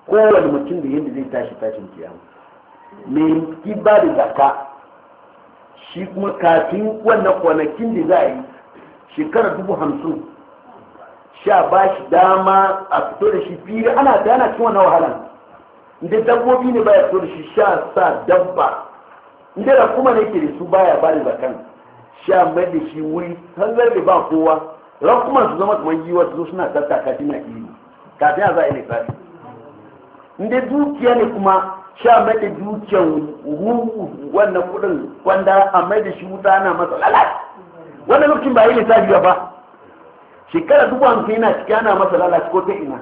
kowane mutum da yadda zai tashi tashin kiyama mai kiba da zaka shi kuma kafin wannan kwanakin da za a yi shekara dubu hamsin sha ba shi dama a fito da shi fili ana da yana cikin wannan wahala inda dabbobi ne baya fito da shi sha sa dabba inda da kuma ne ke da su baya ba da zakan sha mai da shi wuri hanzar da ba kowa kuma su zama kamar yi su zo suna tattaka kafin na iri kafin a za a yi lissafi inda dukiya ne kuma sha mai da dukiyan ruhu wannan kudin kwanda a mai da shi wuta ana masa lalat wannan lokacin ba a yi lissafi ba shekara dubu hamsin yana ciki ana masa lalace ko ta ina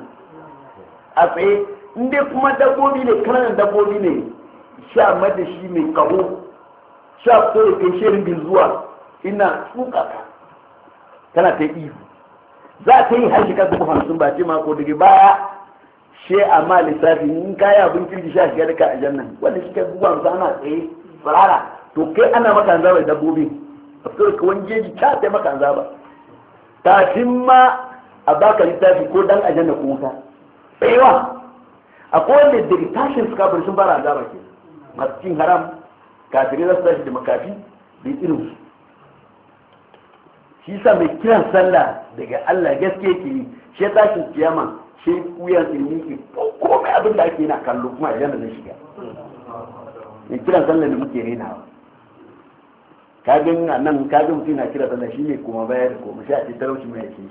a tsaye in kuma dabbobi ne kananan dabbobi ne sha mada shi mai kaho sha fito da kai shirin bin zuwa ina tsuka tana ta ihu za ta yi har shekara dubu hamsin ba ce mako daga baya she a ma lissafi in kayi abin kirki sha shiga daga jannan wanda shi ka dubu hamsin ana tsaye tsirara to kai ana maka zaba da a fito da kawan jeji ta taimaka zaba kafin ma a baka littafi ko dan aljanna ko wuta tsayawa a kowane daga tashin suka bari sun fara azaba ke masu cin haram kafirai za su tashi da makafi da irin su shi sa mai kiran sallah daga Allah gaske ke yi shi tashin kiyama shi wuyan ilmi ke mai abin da ake yana kallo kuma aljanna zai shiga mai kiran sallah da muke renawa kagin a nan kagin mutum na kira sannan shi ne kuma bayar da kuma shi a ce talauci mai yake shi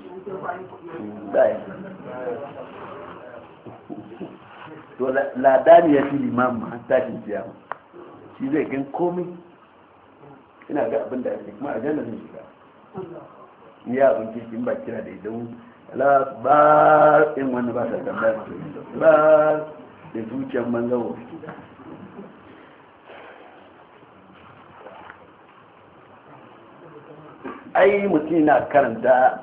to ladani ya fi liman ma ta siya ma shi zai gan komi ina ga abin da ake kuma a janar zai shiga ya abin kirki ba kira da idan la ba in wani ba sa tambaya ba da zuciyar manzawo ai mutum na karanta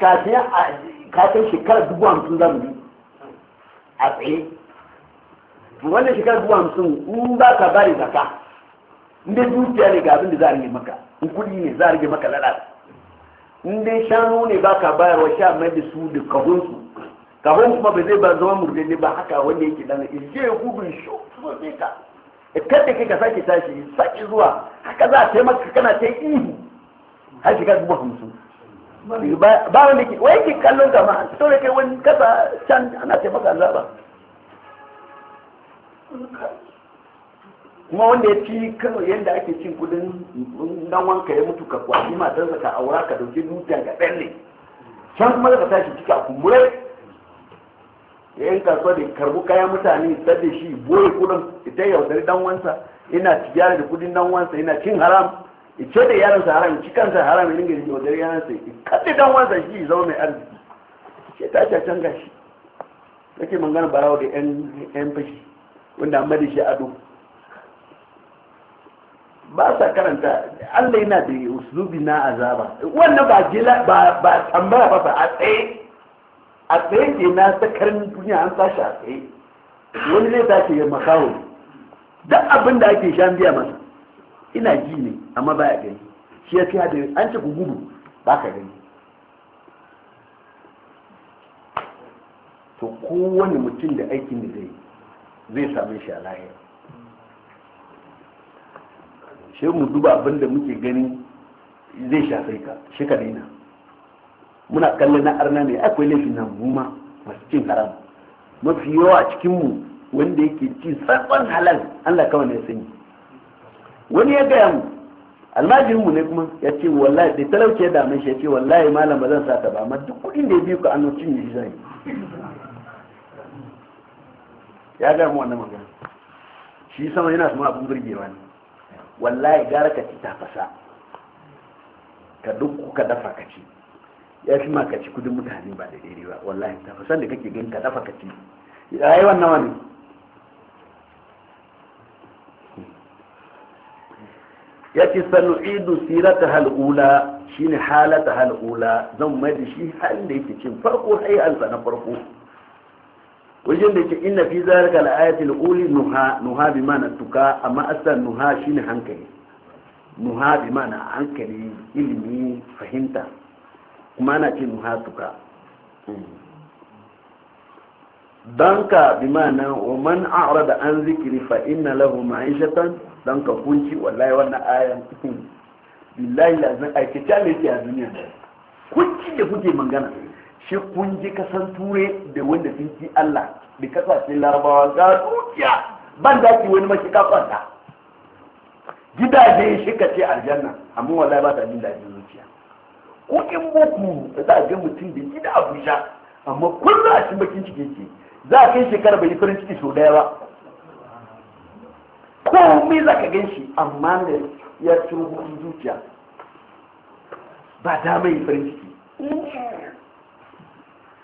kafin a kafin shekarar dubu hamsin zamu yi a tsaye wannan shekarar dubu hamsin in ba ka bari zaka inda dai dukiya ne ga abin da za a rage maka in kudi ne za a rage maka lalata in dai shanu ne ba ka bayarwa sha mai da su da kahunsu kahun ma ba zai ba zama murdani ba haka wanda yake dana ije gudun shi sosai ka kada kai ka sake tashi sake zuwa haka za a taimaka kana ta yi ihu har shiga dubu hamsin ba wanda ke wai ke kallon gama to da kai wani kasa can ana taimaka Allah ba kuma wanda ya ci kano yadda ake cin kudin dan wanka ya mutu ka kwashi matarsa ka aura ka dauki dukiya ka ɗan ne can kuma zaka tashi a kumbure ya kasuwa so da karbu kayan mutane ta da shi boye kudin ita yaudari dan wansa ina tijara da kudin dan wansa ina cin haram ice da yaransa haram ci kansa haram ya dinga yaudari yaransa kadai dan wansa shi zama mai arziki ce ta ce can gashi nake mangana barawa da yan fashi wanda amma da shi ado ba sa karanta Allah yana da uslubi na azaba wannan ba ba tambaya ba a tsaye a tsaye ke na sakarin duniya an sashi a tsaye wani zai tashi ya makawo duk abin da ake shan biya masa ina ji ne amma baya gani shi ya fi hadari an ce ku gudu ba ka gani to kowane mutum da aikin da zai zai same shi a lahira shi mu duba abin da muke gani zai shafai ka shi ka daina muna kallon na arna ne akwai laifin nan mu ma masu cin haram mafi yawa a cikin mu wanda yake ci sabon halal Allah kawai ne sani wani ya gaya mu almajirin mu ne kuma ya ce wallahi da talauke da mai shi ya ce wallahi malam ba zan ta ba amma duk kudin da ya biyu ka an cin ne zai ya gaya mu wannan magana shi sama yana sama abin burgewa ne wallahi gara ka ci tafasa ka duk ka dafa ka ci ya fi maka ci kudin mutane ba da daidai ba wallahi tafasan da kake gani ka dafa kaci yi wannan wani ya ce sanu'idu ta hal'ula shine ta hal'ula zan mai da shi halin da yake cin farko hayyansa na farko wajen da ke ina fi zara ga ayatil uli nuha nuha bi mana tuka amma asan nuha ne hankali nuha bi mana hankali ilimi fahimta kuma ana ce don danka bi ma'ana wa man da an zikiri fa inna lahu don danka kunci wallahi wannan ayan billahi lazin aike ta ne a duniya kunci da kuke magana shi kunji je kasan ture da wanda sun ci Allah da kasashen larabawa ga dukiya ban daki wani mashi kafanta gidaje shi ka ce aljanna amma wallahi ba ta jin daɗin zuciya ko in boku da za a ga mutum da gida da abuja amma kullum a cikin bakin ciki ce za a kai shekara bai farin ciki sau daya ba ko me za ka gan shi amma da ya ciro hukun zuciya ba dama yi farin ciki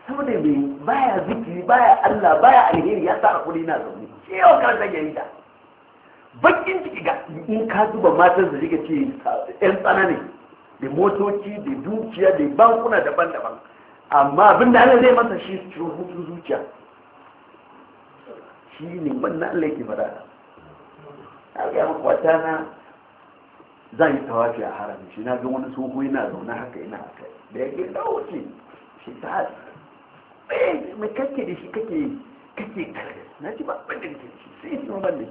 saboda mai baya zikiri baya allah baya alheri ya sa hakuri na zaune cewa karanta da bakin ciki ga in ka duba matan da rika ce yan tsana da motoci da dukiya da bankuna daban-daban amma abin da zai masa shi cikin zuciya shi ne wannan Allah yake fara a ga maka kwata na zan yi tawafi a haram shi na ga wani tsoho yana zaune haka yana haka da yake dawo ce shi ta hasi eh, mai kake da shi kake kake kare na ce ba ban da kake shi sai su ne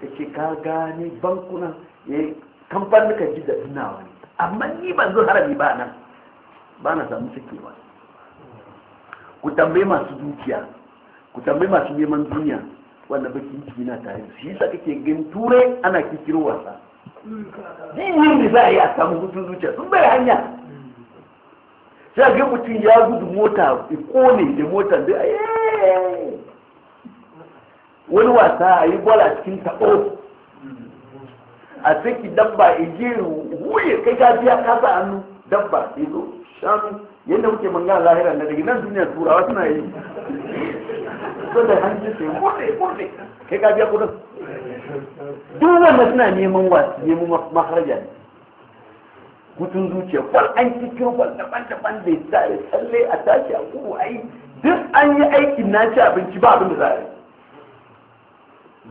da shi kake ka gane bankuna ya eh, kamfanin ka ji da tunawa amma ni ban zo harami ba nan ba na samu sakewa ku tambaye masu dukiya ku tambaye masu neman duniya wanda bakin ciki na tare da shi yasa kake gan turai ana kikiro wasa din yin da za a yi a samu hutun zuciya sun bai hanya sai ga mutum ya gudu mota ikone da mota da wani wasa ayi bola cikin a saki dabba a je huye kai ka biya ka sa hannu dabba ya zo shanu yadda muke manga lahira na daga nan duniya turawa suna yi so da hanci sai kurde kurde kai ka biya kudin duk wanda suna neman wasu neman maharaja ne mutum zuciya kwal an cikin kwal daban-daban da ya tsalle a tashi a kubu ai duk an yi aikin na ci abinci ba abin da za a yi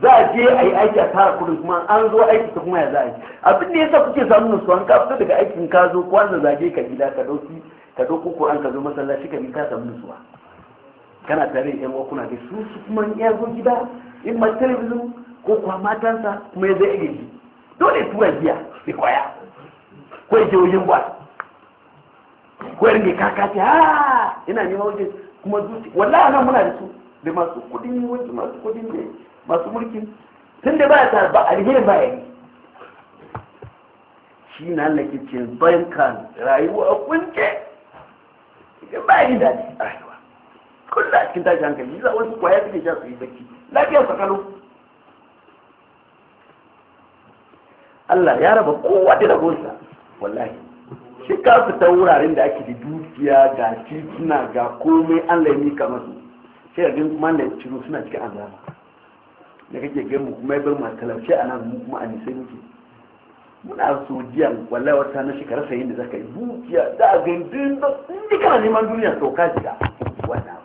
za a je a yi aiki a tara kudin kuma an zo aiki ta kuma ya za a yi abin da sa kuke samun nutsuwa ka fita daga aikin ka zo ko wanda zage ka gida ka dauki ka dauko ko an ka zo masallaci ka ka samu nutsuwa kana tare da yan uwa kuna da su su kuma ya zo gida in ma telebijin ko kuma matansa kuma ya zai gaji dole tura biya da kwaya ko ya je wajen ba ko ya rike kaka ce ha ina neman wajen kuma zuci wallahi nan muna da su da masu kudin wajen masu kudin ne masu mulkin tun da baya ta ba alheri baya yi shi na na ke ce bayan kan rayuwa kunce idan bayan yi daɗi a rayuwa kullum a cikin tashi hankali a wasu kwaya suke sha su yi bacci lafiyar sakalo Allah ya raba kowa da ragonsa wallahi shi ka fita wuraren da ake da dukiya ga titina ga komai an laimi kamar su sai gani kuma da ciro suna cikin azama da kake gan mu kuma ya bar mu talauce a nan mu kuma a nisai muke muna so jiya wallahi wata na shekara sayin da zaka yi dukiya da a gandun da inda kana neman duniya to ka shiga wannan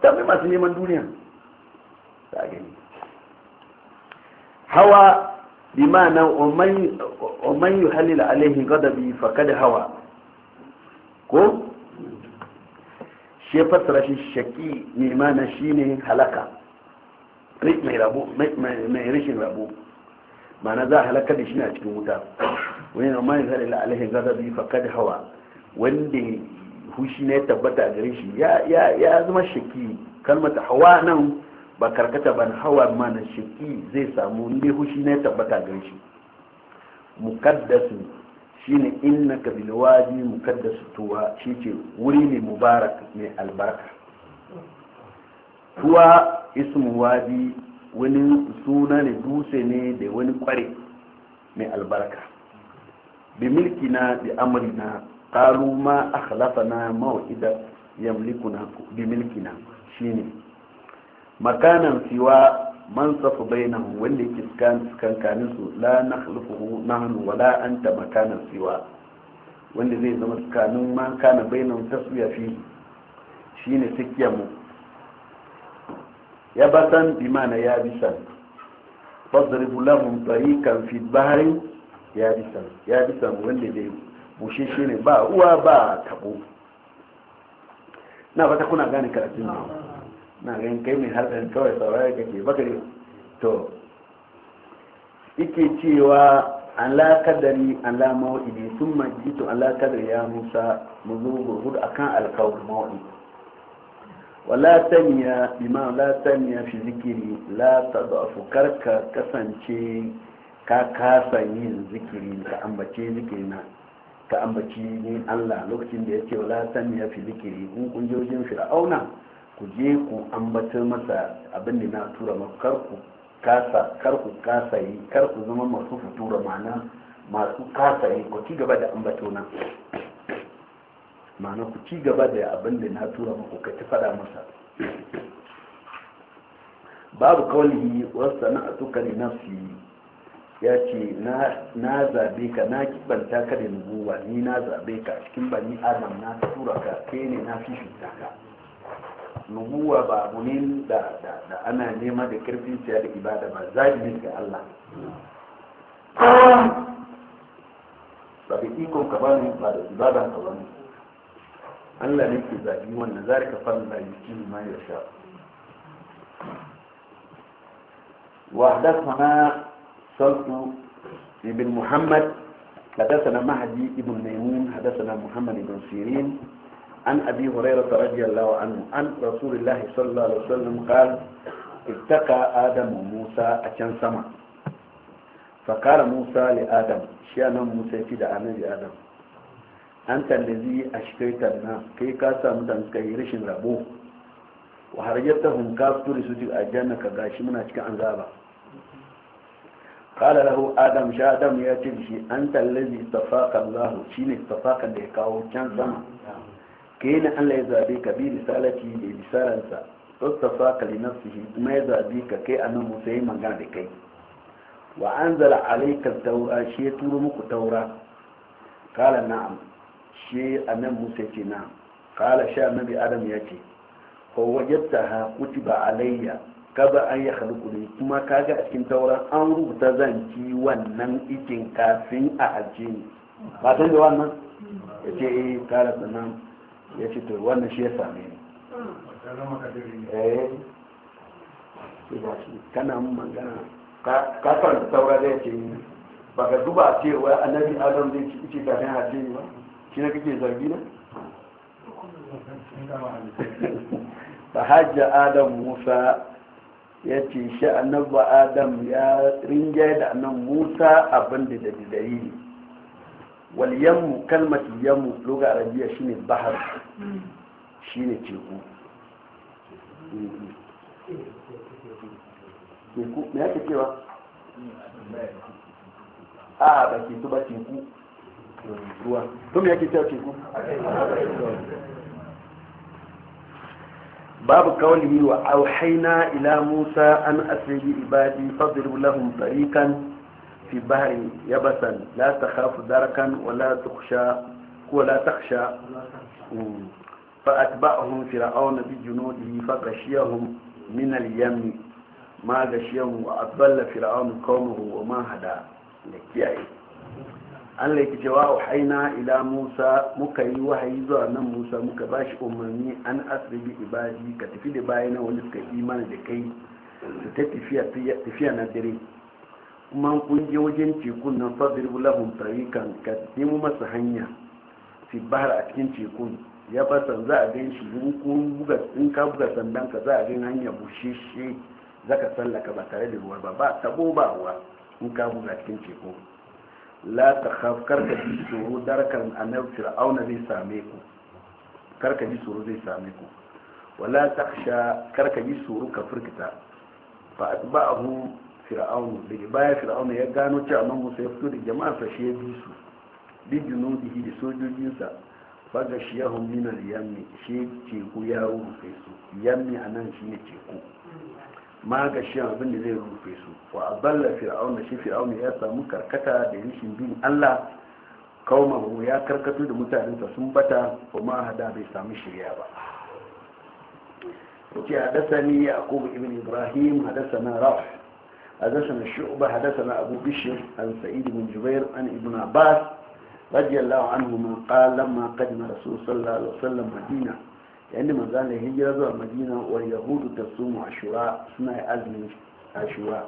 ta mai masu neman duniya za a gani hawa bi ma'ana umman yi halila alaihi gadabi fakad hawa ko shi fassara shaki neman ma'ana shine halaka mai mai rashin rabo ma'ana za a halakar da shi na cikin wuta wani na mai zari la alaihi biyu fa da hawa wanda hushi ne tabbata a gare shi ya zama shaki kalmata hawa nan ba karkata ban hawa mana shaki zai samu ne hushi ne tabbata a gare shi mukaddasu shine innaka bil mukaddasu tuwa shi ce wuri ne mubarak mai albarka huwa ismu wadi wani suna ne dutse ne da wani kware mai albarka bi milki na bi na karu ma akhlafana maw'ida na bi milkina shine makanan siwa safu bainan wanda yake tsakankanin su la na nahnu wala anta makanan siwa wanda zai zama tsakanin makana bainahum taswiya fi shine sikiyar mu ya batan bi mana ya bisan fadribu lahum tariqan fi bahri ya bisan ya bisan wanda dai bushe shi ne ba uwa ba tabo na fata kuna gane karatun ne na ganin kai mai harkar kawai saurari kake bakare to ike cewa an lakadari alama wa'idi sun majitu an lakadari ya musa mu zo gurgudu akan alkawar mawa'idi wala tanya fi zikiri la tadafu karka kasance ka kasa yin zikiri ka ambace zikiri ka ambaci ni Allah lokacin da yake wala tanya fi zikiri kun kunjojin fir'auna ku je ku ambata masa abin da na tura maka karku kasa karku kasa karku zama masu futura ma'ana masu kasa yi ku ci gaba da ambatona ma'ana ku ci gaba da abin da na tura muku ka ci fada masa babu kawalihi wasu na su yi ya ce na zabe ka na kibanta ka da nubuwa ni na zabe ka cikin bani adam na tura ka ke ne na fi shuta ka nubuwa ba abu ne da ana nema da karfin siya da ibada ba za ne ga Allah ba da ikon ka ba ba da ibada ka Allah ne ke zaɓi wanda za ka falla yi cin ma ya sha. Wa haddasa Sautu Ibn Muhammad, haddasa na Mahadi Ibn Naimun, haddasa na Muhammad Ibn Sirin, an abi Huraira ta rajiyar lawa an an Rasulullah sallallahu alaihi wasallam kal ittaka Adam Musa a can sama. Fakara Musa li Adam, shi anan Musa ya fi da annabi Adam. an tallazi a shikaitar na kai ka samu da suka yi rashin rabo wa har yadda hun ka su turi su a janna ka gashi muna cikin an zaba kala lahu adam sha adam ya ce shi an tallazi tafakan shi shine tafakan da ya kawo can sama kai na Allah ya zabe ka bi risalati da risalansa na kuma ya zabe ka kai a nan yi magana da kai wa anzala alayka taura shi ya turo muku taura kala na'am shi nan musa ce na kala sha bi adam ya ce fa ta ha ba alayya kaba an ya ne kuma kaga a cikin tauran an rubuta zan ci wannan ikin kafin a hajji ne ba san da wannan ce eh kala ya ce to wannan shi ya same ni eh kana magana ka ka fara taura da ba ka duba cewa annabi adam zai ci kafin hajji ne ba shi na kake zargi na ta hajji adam musa ya ce shi annabba adam ya ringe da annan musa abin da da dalili waliyammu kalmati yammu loga arabiya shi ne bahar shi ne teku teku me yake cewa a ba ke tuba teku ruwa to me yake cewa teku babu kawali wa auhaina ila musa an asiri ibadi fadrib lahum tariqan fi bahri yabasan la takhafu darakan wa la tukhsha ko la takhsha fa atba'ahum fir'aun bi junudihi fa ghashiyahum min al-yam ma ghashiyahum wa adalla fir'aun qawmuhu wa ma hada da kiyaye Allah yake cewa haina ila Musa muka yi wahayi zuwa nan Musa muka ba shi umarni an bi ibadi ka tafi da bayana wani suka imani da kai su ta tafiya na dare kuma kun je wajen tekun nan fadir bulahun tarikan ka nemo masa hanya fi bahar a cikin tekun ya fasan za a gan shi in ka buga sandan ka za a gan hanya za ka sallaka ba tare da ruwa ba ba tabo ba wa in ka buga cikin tekun la ta khaf karka ji tsoro darakar annabi fir'auna zai same ku karka ji tsoro zai same ku wala takhsha karka ji tsoro ka firkita fa atba'ahu fir'aun daga baya fir'aun ya gano cewa man musa ya fito da jama'arsa shi ya bi su bi junudihi da sojojinsa faga shi ya hun minar yammi shi teku ya rufe su yammi a nan shi ne teku magashin abin da zai rufe su wa aballa fir'auna shi fir'auna ya samu karkata da rishin bin Allah mu ya karkato da mutanensa sun bata kuma hada bai samu shirya ba yace hadathani yaqub ibn ibrahim hadathana raf hadathana shu'ba hadathana abu bishr an sa'id ibn jubair an ibn abbas radiyallahu anhu man qala lamma qadima rasul sallallahu alaihi wasallam madina yadda manzo Allah hijira zuwa Madina wa yahudu tasumu ashura suna yi azumin ashura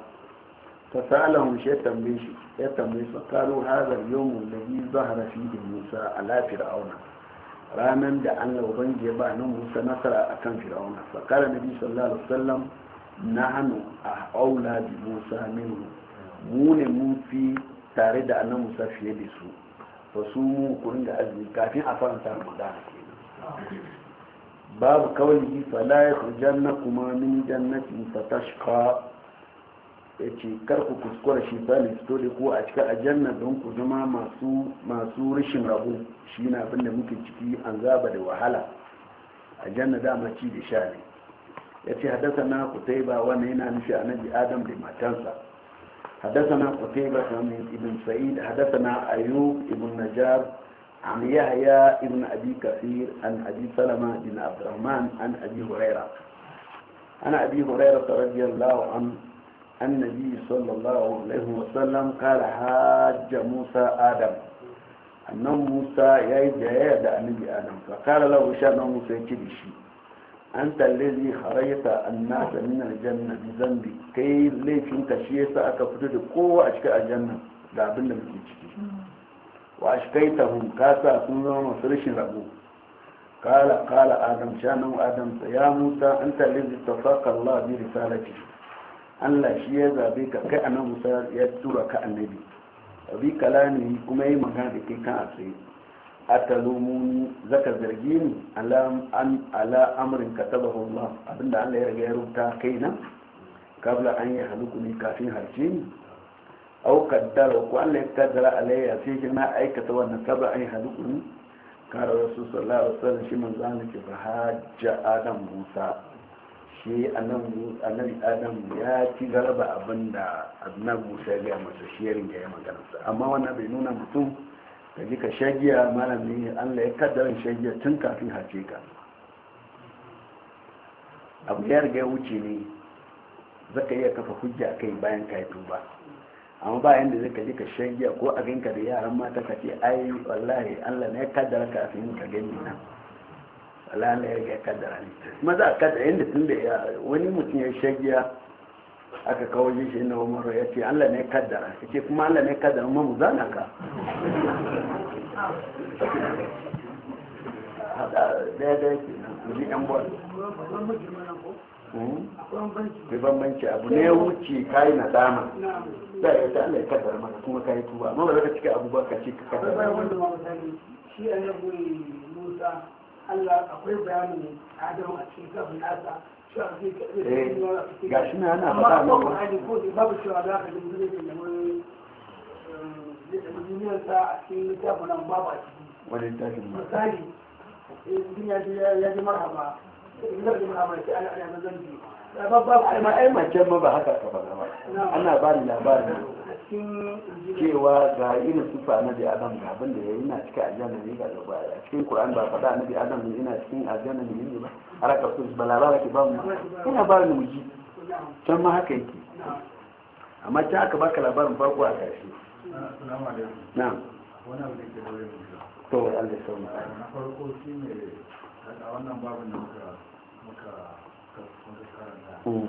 fasalahum shi tambaye shi ya tambaye su kalu hadar yawmun ladhi zahara fihi Musa ala fir'auna ranar da Allah ubangi ya ba nan Musa nasara akan fir'auna fa kala nabi sallallahu alaihi wasallam nahnu aula bi Musa minhu mu ne mun fi tare da annabi Musa fiye da su fa su mu kun da azumi kafin a faranta magana kenan babu kawai fala ya hujjar na kuma min jannatin fatashka ya ce karku kuskura shi ne fito da ko a cika a janna don ku zama masu rashin rabu shi na abin da muke ciki an zaba da wahala a janna dama ci da sha ne ya ce haddasa na ba wannan yana nufi annabi adam da matansa haddasa na kutaiba kan ibn sa'id haddasa na ayub ibn najar عن يحيى ابن أبي كثير عن أبي سلمة بن عبد الرحمن عن أبي هريرة عن أبي هريرة رضي الله عنه النبي صلى الله عليه وسلم قال حاج موسى آدم أن موسى يجاهد النبي آدم فقال له شأن موسى كدشي أنت الذي خرجت الناس من الجنة بذنبك كي ليش أنت شيء سأكفت قوة أشكاء الجنة لا بد من كدشي wa ashkaitahum ka kasa sun zama masu rashin rabu kala kala adam shanan adam ya musa an talibi tafaka allah bi risalati allah shi ya zabe ka kai a nan musa ya tura ka annabi abi kalami kuma yi magana da kai kan asiri atalumuni zaka zargi ni ala ka taba allah abinda allah ya riga ya rubuta kai nan kabla an yi halukuni kafin harce ni au kaddara ko Allah ya kaddara alayya sai shi na aikata wannan sabra ai hadukun kare rasu sallallahu alaihi wasallam shi manzo Allah ke hajja adam musa shi annabi adam ya ci garaba abinda annabi musa ya gaya masa shi ya ringa ya magana amma wannan bai nuna mutum ka ji ka shagiya malami Allah ya kaddara shagiya tun kafin hace ka abu ya riga ya wuce ne zaka iya kafa hujja kai bayan ka yi ba. amma ba yanda zai kaji ka shagiya ko a ka da yaran mata ka ce ai wallahi allah ne ya kaddara kafin ka gani na wallahi allah ya ya kaddara ne kuma za a kaddara yanda tun da wani mutum ya shagiya aka kawo shi na umaru ya ce allah ne kaddara ya ce kuma allah ne kaddara mamu zana ka daya daya ke nan yan bol akwai banbanci abu ne wuce kayi na dama za a yi ta ala ya kaddara maka kuma kayi tuba ma ba ka cika abubuwa ka ce ka kaddara maka shi a musa Allah akwai bayanin adamu a cikin kafin nasa ga shi eh, na ana faɗa amma ko hadi ko babu cewa za ka dinga da wani da a cikin nan babu a ciki wani ma misali eh, ya ji marhaba ai ma ba haka ka faɗa ba ana ba ni labarin cewa ga irin sufa na bi adam ga abin da ya yi na cikin aljanna ne ga a cikin qur'an ba faɗa na bi adam ne yana cikin aljanna ne ne ba a ka so ba labara ke ba mu ina ba ni muji can ma haka yake amma ta aka baka labarin farko a ƙarshe na'am to Allah na farko a wannan babin da muka karanta mm.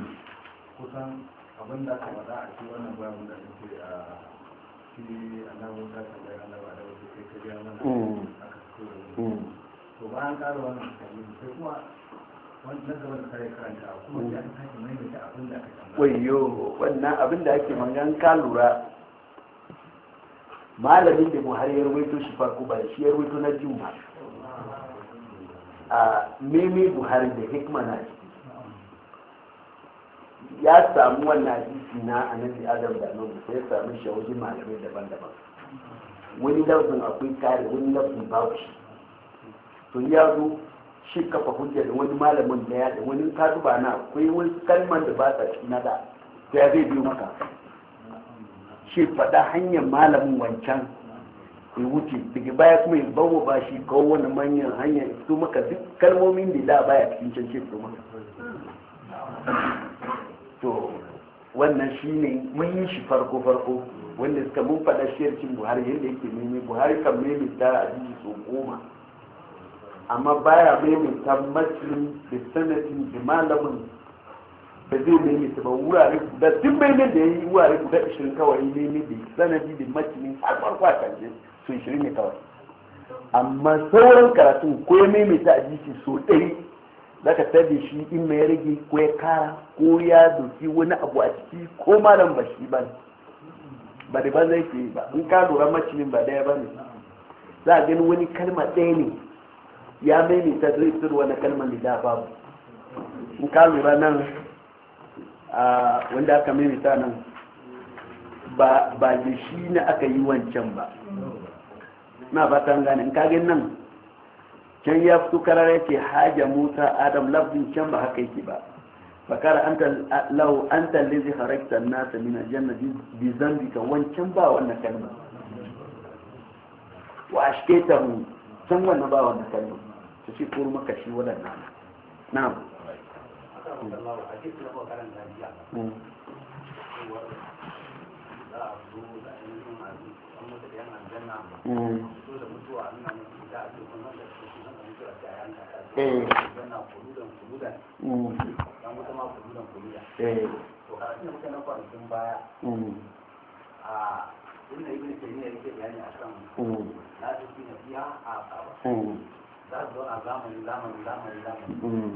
kusan abin da aka bada a cikin wannan babin da ake a shi annabi Musa ta da annaba da wasu kai ta gaya mana mm. a fito da mm. to bayan ƙara wannan kalmi sai kuma karanta kuma ta wayo wannan abin da ake mangan ka lura malamin da mu har rubuto shi farko ba shi ya na juma a meme buhari da hikma na ciki ya samu wannan hadisi na annabi adam da nan sai ya samu shawaji malamai daban-daban wani lafin akwai kare wani lafin bauchi shi to ya zo shi kafa hujja da wani malamin da ya da wani kasuba na akwai wani kalmar da ba ta na da ya zai biyo maka shi faɗa hanyar malamin wancan ya wuce daga baya kuma ya bawa ba shi kawo wani manyan hanya su maka duk kalmomin da da baya cikin cancin su maka to wannan shi ne mun yi shi farko farko wanda suka mun faɗa shirkin buhari yadda yake nemi buhari kan ta a jiki so goma amma baya ta matsin da sanatin da malamin da zai maimaita ba wurare da duk maimaita da ya yi wurare guda ishirin kawai da sanadi da matsin har farko a kan sun shirin ne kawai amma sauran karatun ko ya maimaita a jiki so ɗari za ka tabi shi in mai rage ko ya kara ko ya doki wani abu a ciki ko malam ba shi ba ba da ba zai ke ba in ka lura macinin ba daya ba ne za a gani wani kalma ɗaya ne ya maimaita zai fitar wani kalmar da babu in ka lura nan wanda aka maimaita nan ba da shi na aka yi wancan ba na fatan gane in kage nan can ya fito karar yake haja musa adam lafzin can ba haka yake ba fakara anta lau anta lizi harakta nasa min janna bi zambika wancan ba wannan kalma wa mu can wannan ba wannan kalma su ci kuru maka shi wadannan na'am na'am inda za su zo a zamani zamani zamani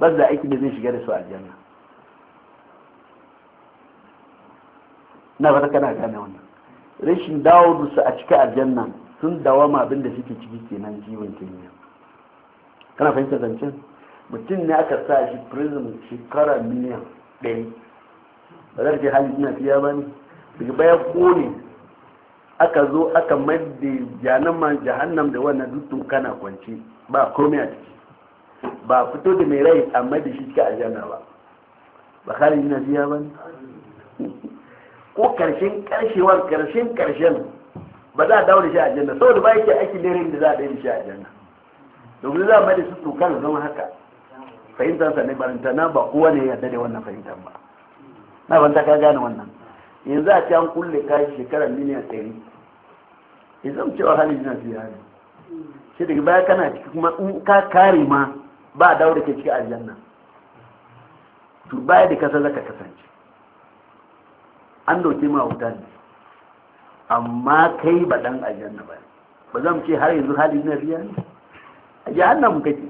bas da aiki da zai shiga da su a aljanna na fata kana gane wannan rashin dawo su a cikin aljanna sun dawama abin da suke ciki kenan jiwon kenan kana fahimtar zancen mutum ne aka sa shi prism shekara miliyan ɗaya ba za ta ce hali ina fiya ba ne daga baya kone aka zo aka maida da ma jahannam da wannan dutun kana kwance ba komai a ciki ba fito da mai rai amma da shi cika aljanna ba ba khalid na biya ba ko karshen karshewar karshen karshen ba za a dawo da shi aljanna saboda ba yake aiki lerin da za a daya da shi aljanna domin za a mai da su da zama haka fahimtar sa ne baranta na ba kowa ne ya da wannan fahimtar ba na ban ta ka gane wannan yanzu a ce an kulle shi shekarar miliyan ɗari yanzu mu cewa halin jina biya ne shi daga baya kana ciki kuma in ka kare ma ba dawo da ke cikin aljanna to baya da kasa zaka kasance an dauke ma wuta ne amma kai ba dan aljanna ba ba zan ce har yanzu hali na biya ne a jahannam kake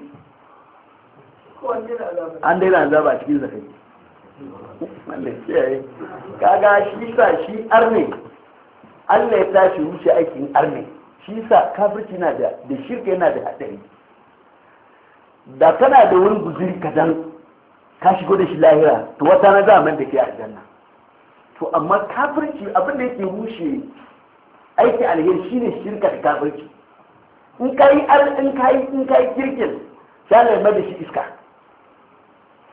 an daina zaba cikin zakai wanda yi kaga shi sa shi arne Allah ya tashi wuce aikin arne shi sa kafirci na da da shirka yana da hadari da kana da wani guziri kadan ka shigo da shi lahira to wata na zaman da ke aljanna to amma kafirci abin da yake rushe aiki alheri shine shirka da kafirci in kai in kai in kai kirkin sai Allah ya da shi iska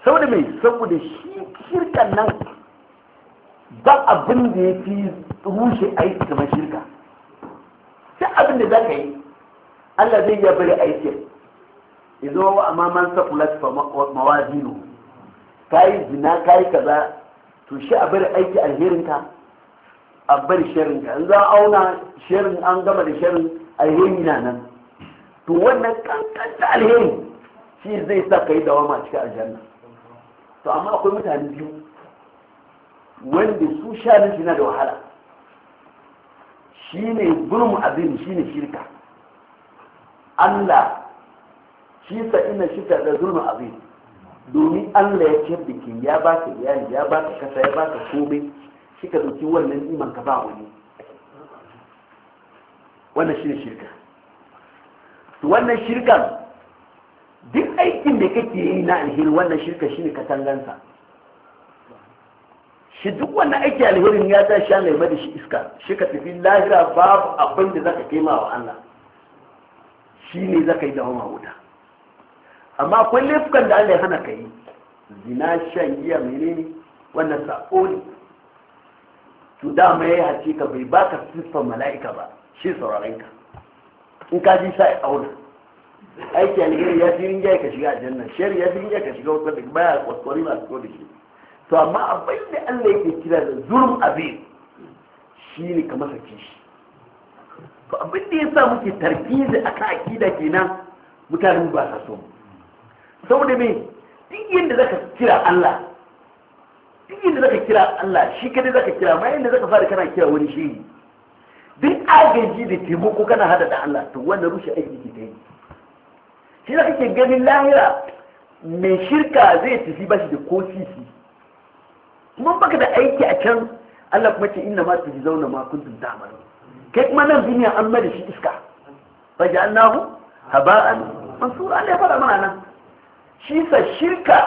saboda mai saboda shi shirkan nan ba abin da ya fi rushe aiki kamar shirka sai abin da za ka yi Allah zai iya bari aikin izo wa amma man kula ta mawazinu kai zina kai kaza to shi a bari aiki alherinka a bari sharrinka in za auna sharin an gama da sharin alheri na nan to wannan kankan ta alheri shi zai sa kai dawama cikin aljanna to amma akwai mutane biyu wanda su sha shi na da wahala Shi ne gurmu abin shi ne shirka Allah Shisa ina shi ta da zulma abin domin Allah ya ce bikin ya baka iyali ya baka kasa ya baka komai shi ka dauki wannan iman ka ba wani wannan shi ne shirka to wannan shirka duk aikin da kake yi na alheri wannan shirka shi ka katangansa shi duk wannan aiki alherin ya ta sha mai da shi iska shi ka tafi lahira babu abin da zaka kai ma wa Allah shi ne zaka yi da wuta amma akwai laifukan da Allah ya hana ka yi zina shan giya ne wannan sako ne to dama ya yi hakika bai baka siffar mala'ika ba shi sauraren ka in ka ji sai auna aiki alheri ya fi rinjaye ka shiga aljanna shari ya fi rinjaye ka shiga wata da baya kwaskwari masu kyau da shi to amma abin da Allah yake kira da zurum abin shi ne ka masa kishi to abin da ya sa muke a ka akida kenan mutanen ba sa so mu saboda me duk yadda zaka kira Allah duk yadda zaka kira Allah shi kadai zaka kira ma yadda zaka fara kana kira wani shi duk agaji da taimako kana hada da Allah to wanda rushe aiki ke ta yi shi zaka ke ganin lahira mai shirka zai tafi ba shi da ko sisi kuma baka da aiki a can Allah kuma ce inna ma tuji zauna ma kuntum ta'malu kai kuma nan duniya an mada shi iska fa ja'alnahu haba'an mansura Allah ya fara mana nan shi sa shirka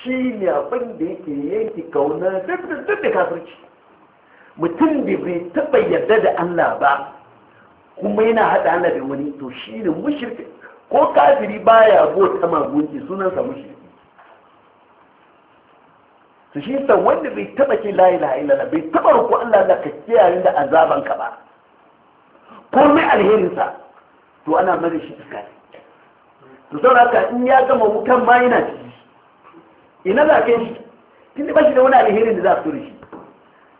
shi ne abin da yake yanki kauna duk da kafirci mutum da bai taɓa yarda da Allah ba kuma yana haɗa Allah da wani to shi ne mushirki ko kafiri baya bota magunki sunansa mushirki to shi sa wanda bai taɓa ce la ilaha illallah bai taɓa ruku Allah da ka kiyaye da azabanka ba komai alherinsa to ana mara shi tsakani to saboda haka in ya gama wutan ma yana ciki ina za ka shi kin da shi da wani alherin da za su da shi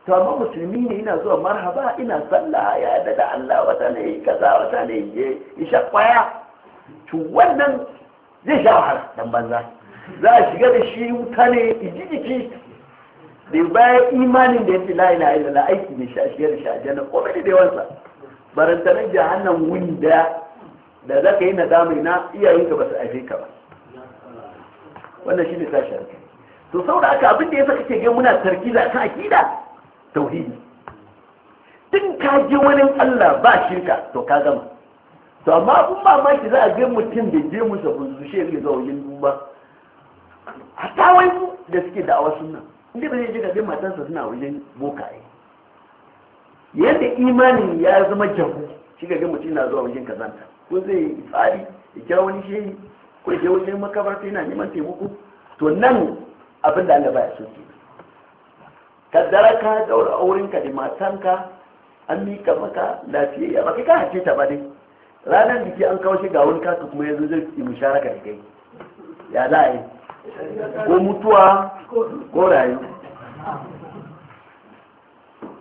to amma musulmi ne ina zuwa marhaba ina sallah ya da da Allah wata ne kaza wata ne je isha kwaya to wannan zai sha wahala dan banza za a shiga da shi wuta ne iji jiki da bayan imanin da ya fi layi layi da aiki ne shi da shi a komai da yawansa barantanar jahannan wunda da za ka yi nadama na iyayenka ba su aife ka ba wannan shi ne sashi to saboda aka abin da ya saka ke ga muna tarkiza kan akida tauhidi tun ka ji wani Allah ba shirka to ka gama to amma abun mamaki za a ga mutum da je musa bunzu shi ne zuwa wajen duba A wai da suke da awa sunna inda ba zai je ga matansa suna wajen bokaye yadda imanin ya zama jabu shi ga mutum na zuwa wajen kazanta ko zai yi tsari ya kira wani shehi ko ya je wajen makabarta yana neman taimako to nan abin da Allah baya so ke Ka ka daura aurenka da matanka an mika maka lafiyayya ba kai ka hace ta ba dai ranar biki an kawo shi ga wani kasu kuma yanzu zai yi musharaka da kai ya za a yi ko mutuwa ko rayu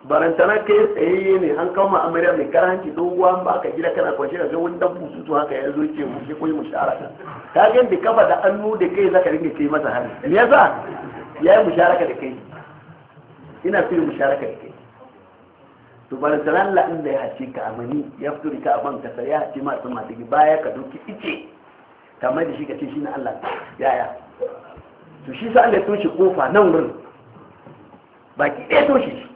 barantana kai tsayayye ne an kawo ma amarya mai karanci doguwa ba ka gida kana kwance da ga wani dan bututu haka ya zo ce mu koyi mu sharaka ka ga da kafa da annu da kai zaka ringa kai masa hari me yasa yayi ka da kai ina so ka da kai to barantana la inda ya hace ka amani ya fito da ka a banka sai ya hace ma masu da baya ka doki ice kamar da shi ka ce shi na Allah yaya to shi sa Allah ya toshe kofa nan wurin baki ɗaya toshe shi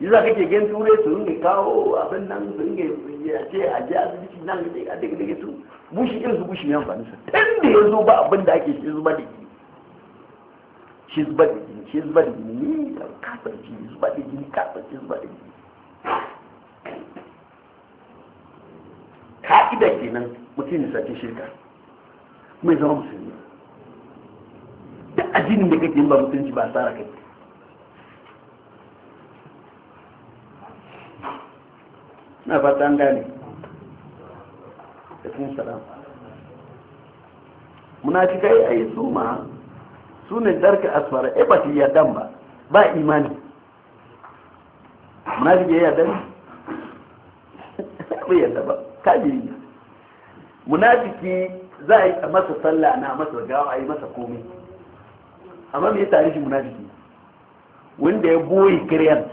yi za kake gan turai su ringa kawo abin nan su ringa ya ce a ji asibiti nan da ya daga daga su bushi irin su bushi yan fanisa tun da ya zo ba abin da ake shi zuba da gini shi zuba da gini shi zuba da gini ni da kasar shi zuba da gini kasar shi zuba da gini ka'ida kenan mutum ya sace shirka mai zama musulmi duk addinin da kake yin ba mutunci ba tsara kai na ba ta gane da kuma salam munafikai a su ma su ne darka asfara e ba su yarda ba ba imani munafiki ya yarda ne ba yadda ba kajiri munafiki za a yi a masa sallah na masa gawa a yi masa komi amma me ya tarihi munafiki wanda ya goyi kiriyan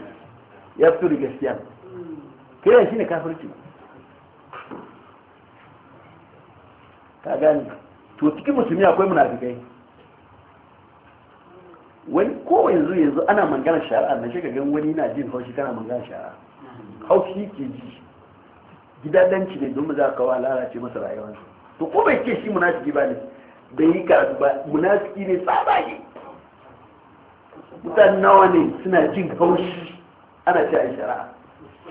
ya fito da gaskiya kiran shi ne kafirci ka gani to cikin musulmi akwai munafikai wani ko yanzu yanzu ana mangana shari'a na shiga gan wani na jin haushi kana mangana shari'a haushi ke ji gidadanci ne don za ka wa lalace masa rayuwarsa to ko bai ce shi munafiki ba ne da yi karatu ba munafiki ne tsabage mutane nawa ne suna jin haushi ana ce a shari'a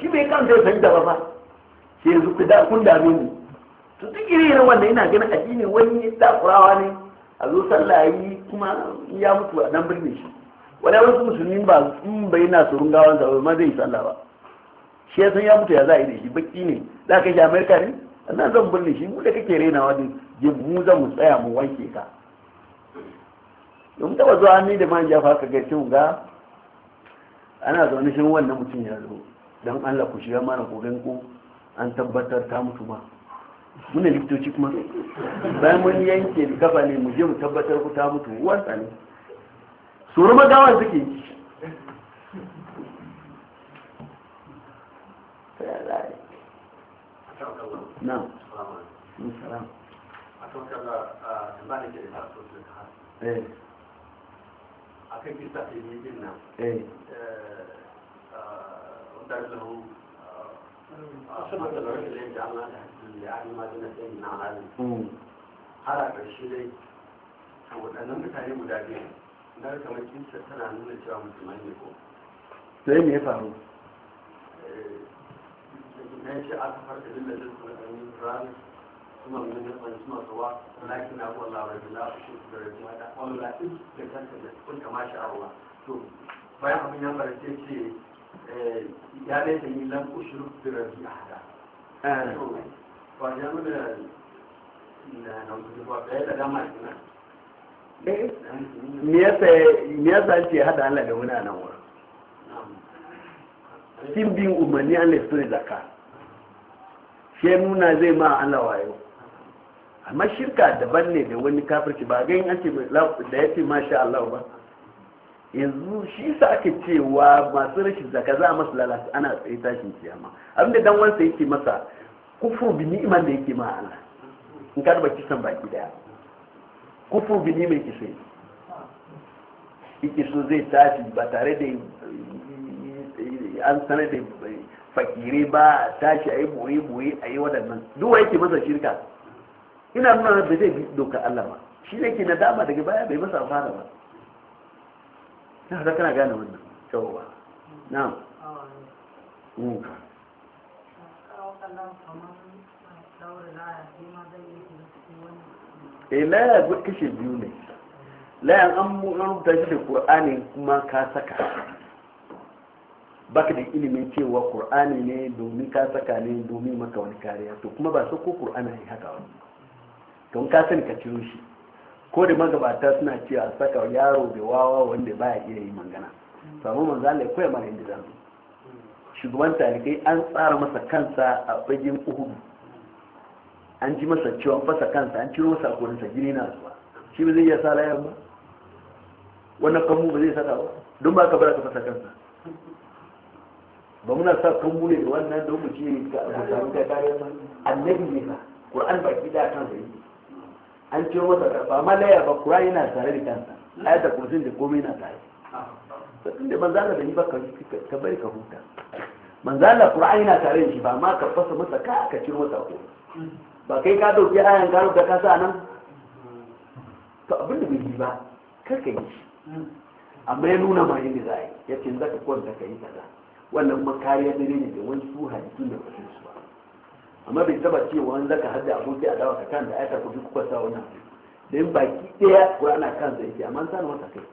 shi bai kan zai san ba ba sai yanzu ku da kun dame mu to duk irin irin wannan ina ganin addini wani dakurawa ne a zo sallah yi kuma ya mutu a nan birni shi wani wasu musulmi ba in bai na surun gawan sa ma zai yi sallah ba shi ya san ya mutu ya za a yi da shi baki ne za ka shi amerika ne nan zan birni shi mu da kake rena wani mu zan mu tsaya mu wanke ka domin taba zuwa ni da man fa ka ga ga ana zaune shi wannan mutum ya zo don allah ku shiga mana kogan ku an tabbatar ta mutu ba muna likitoci kuma bayan mun yanke gaba ne mu je mu tabbatar ku ta mutu wasa ne suru magawa suke na salam eh. a kan kaza ta ke yi nan eh. Eh, ah, مقدر له hmm. a ƙarshe dai a waɗannan mutane guda biyu na kamar tana nuna cewa ko sai me ya faru eh, na aka da kuma mun lakin na da ma da Allah in da kanta da kun kama shi a ruwa to bayan abin ya ce Eh, ya dai da yi lan ushuru da rabi a hada ba ya mu da na na mutu ba ɗaya da dama ina me yasa ce hada Allah da wani nan wurin sin bin umarni an laifin zaka shi nuna zai ma Allah wayo amma shirka daban ne da wani kafirci ba ganin an ce da ya ce masha Allah ba yanzu shi sa ake cewa masu rashin zaka za a masu lalata ana tsaye tashin kiyama abinda dan wansa yake masa kufur bi ni'man da yake ma Allah in ka duba kisan baki daya kufur bi ni'man sai yake so zai tashi ba tare da an sanar da fakire ba tashi a yi boye-boye a yi waɗannan duwa yake masa shirka ina nuna da zai bi doka Allah ba shi ne ke nadama daga baya bai masa fara ba na haka kana gane wannan yawwa na eh laya kashe biyu ne layan an rubuta shi da ƙur'ani kuma ka saka baka da ilimin cewa ƙur'ani ne domin ka saka ne domin maka wani kariya to kuma ba so ko ƙur'ani ne haka wani don ka sani ka ciro shi ko da magabata suna ce a saka yaro da wawa wanda baya iya yi magana samu manzo Allah ya koya mana inda zan shugaban talibai an tsara masa kansa a fagen uhudu an ji masa ciwon fasa kansa an ciro masa akwai gini na zuwa shi ba zai iya sa layar ba wannan kanmu ba zai saka ba don ba ka bara ka fasa kansa ba muna sa kanmu ne da wannan don mu ce ka abu samu da annabi ne ka qur'an baki da kan zai an ciyo masa ba ma laya ba kura yana tare da kansa ayata kursin da komai na tare tun da manzala da yi ba ka bari ka huta manzala kura yana tare da shi ba ma ka fasa masa ka ka ciro masa ko ba kai ka dauki ayan ka rubuta ka sa nan to abin da bai yi ba kar ka yi amma ya nuna ma yadda za a yi ya ce za ka kwanta ka yi kaza wannan makariya dare ne da wani su hadisun da ba su ba amma bai taba cewa an zaka hadda aboki a ka kan da ayata ku duk kuka wannan da dan baki daya qur'ana kan zai ce amma sanin wata kai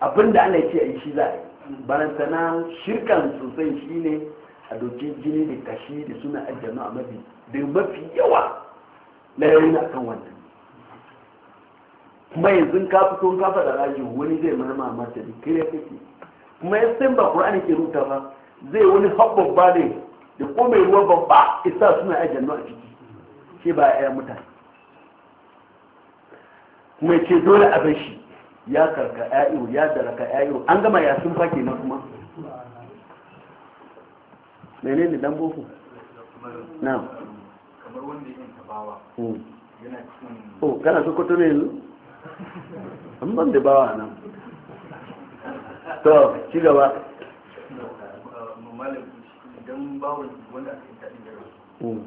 abinda ana ce yi shi za a yi barantana shirkan sosai shine a dokin jini da kashi da suna aljanu a mafi da mafi yawa layoyin a kan wannan kuma yanzu ka fito ka fada raji wani zai mana mamata da kire kake kuma ya san ba qur'ani ke rubuta ba zai wani habbabba ne da ko mai ruwa babba isa suna jannu a ciki shi ba ya mutane kuma ce dole a bar shi ya karka ya'iyo ya daraka ya'iyo an gama ya sun fake na kuma mene ne dan boko na kamar wanda yin tabawa hmm. oh kana so kwato ne an ban da bawa nan to ci gaba idan bawan wanda hmm.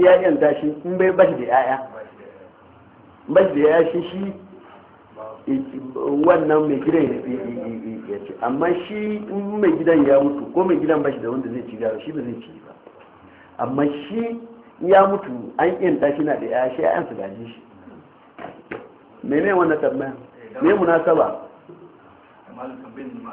ya ya yanta shi in bai bashi da yaya bashi da yaya shi shi wannan mai gidan ya ce amma shi mai gidan ya mutu ko mai gidan bashi da wanda zai ci gara shi ba zai ci ba amma shi ya mutu an yanta shi na da yaya shi ya su gaji shi mene wannan tambaya eh, me munasaba eh, amma tambayin da ma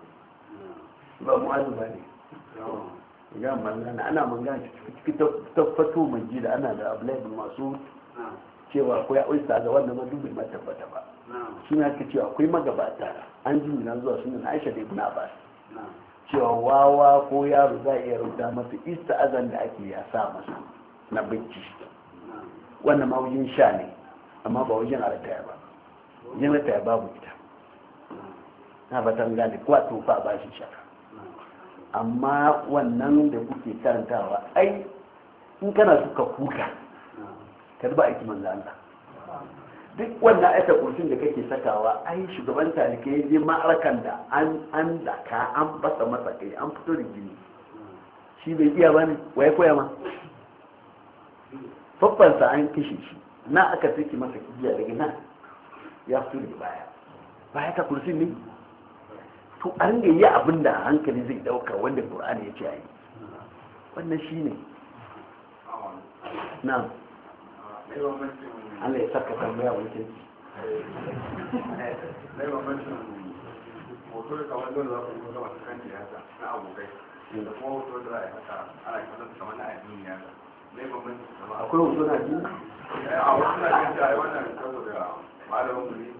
ba azu ba ne ya mangana ana mangana ciki ta fato mai ji da ana da abulai masu cewa akwai aista ga wannan ma dubin ma tabbata ba na ka cewa akwai magabata an ji mina zuwa suna na aisha da ibn abbas cewa wawa ko yaro za a iya rubuta masa ista azan da ake ya sa masa na bincike wannan ma wajen sha ne amma ba wajen arataya ba wajen arataya babu ita na batan gane wato tofa ba shi shaka amma wannan da kuke karantawa ai in kana ka kuka ka duba aiki manzo Allah duk wannan ayata kursin da kake sakawa ai shugaban talikai je ma'arakan da an an daka an basa masa kai an fito da gini shi bai iya bane waye koya ma faffansa an kishe shi na aka saki masa kibiya daga nan ya fito daga baya baya ta kursin ne to an ga yi abin da hankali zai dauka wanda ƙur'ani ya ce a yi wannan shi ne na Allah ya saka tambaya wani hoto da na abokai da kuma hoto da haka ana kamar na akwai hoto na eh, a wasu na malamin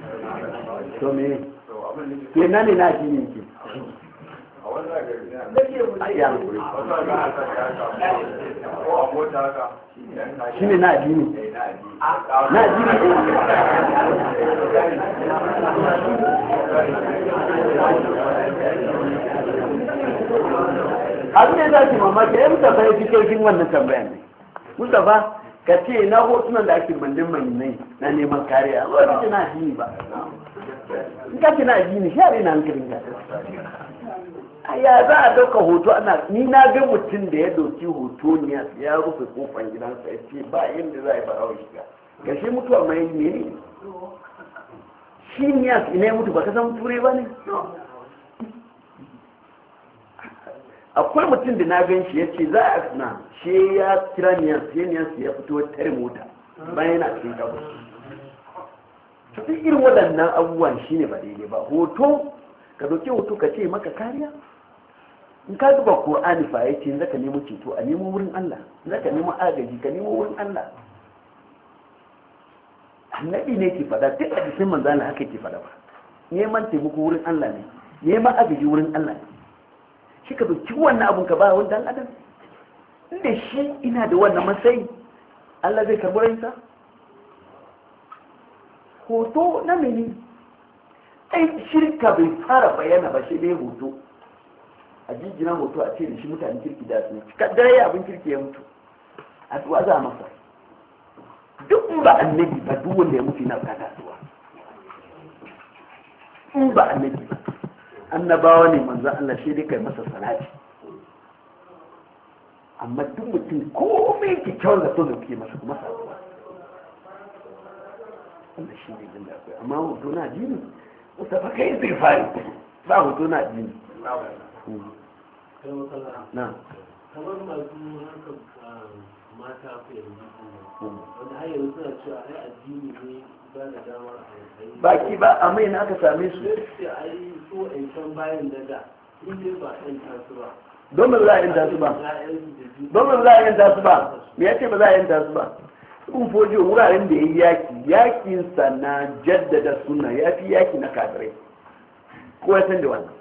to me ke nan ne na shi ne ke shi ne na jini na jini abin da ya zafi mamaki ya mutafa ya fi kirkin wannan tambayan ne mutafa ka ce na hotunan da ake bandin manyanai na neman kariya ba ka ce na addini ba in ka ce na addini shi are na hankalin ka a ya za a dauka hoto ana ni na ga mutum da ya dauki hoto ne ya rufe kofan gidansa ya ce ba yadda za a yi barawa shiga ga shi mutuwa mai ne ne shi ne ya mutu ba ka san ture ba ne akwai mutum da na gan shi ya ce za a na shi ya kira niyan sai niyan ya fito tare mota bayan yana cikin gabas to duk irin waɗannan abubuwan shine ba daidai ba hoto ka doke hoto ka ce maka kariya in ka duba qur'ani ya ce zaka nemo ceto a nemo wurin Allah zaka nemo agaji ka nemo wurin Allah annabi ne ke fada duk a cikin manzana haka ke fada ba neman taimako wurin Allah ne neman agaji wurin Allah ne Kika ka doki wannan abun ka ba wa Allah da inda shi ina da wannan matsayi Allah zai karbi ransa hoto na mini ai shirka bai fara bayana ba shi dai hoto a jijjina hoto a ce da shi mutane kirki da su dare abin kirki ya mutu a zuwa za a masa duk ba annabi ba duk wanda ya mutu na kada tuwa in ba annabi ba annabawa ne manzan Allah shi dai kai masa salati amma duk mutum komai kyakkyawar da so da kuke masa kuma sabuwa Allah shi ne jin dakwai amma hoto na jini wata fa kai zai fari ba hoto na jini na kamar masu hankali um, mata baki ba a mai aka same su a so in ba ba don za a yanta su ba ba ba me ya ba za a yanta su ba kun fojo wuraren da ya yi yaki yakinsa na jaddada suna ya fi yaki na kafirai ko ya san da wannan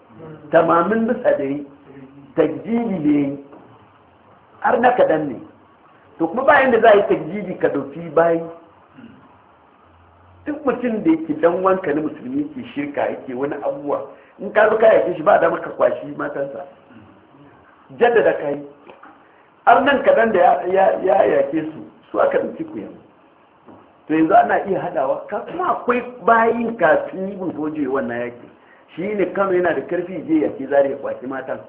tamamin bisa da yi tajjili ne har na kaɗan ne to kuma bayan da za a yi tajjidi ka dauki bayi duk mutum da yake dan wanka na musulmi ke shirka yake wani abuwa, in ka zo ke shi ba da ka kwashi matansa jaddada ka yi har nan kadan da ya yake su su aka dauki ku yamma to yanzu ana iya hadawa ka kuma akwai bayin kafin ibn sojoji wannan yake. shi ne kano yana da karfi je yake zari ya kwashi matansa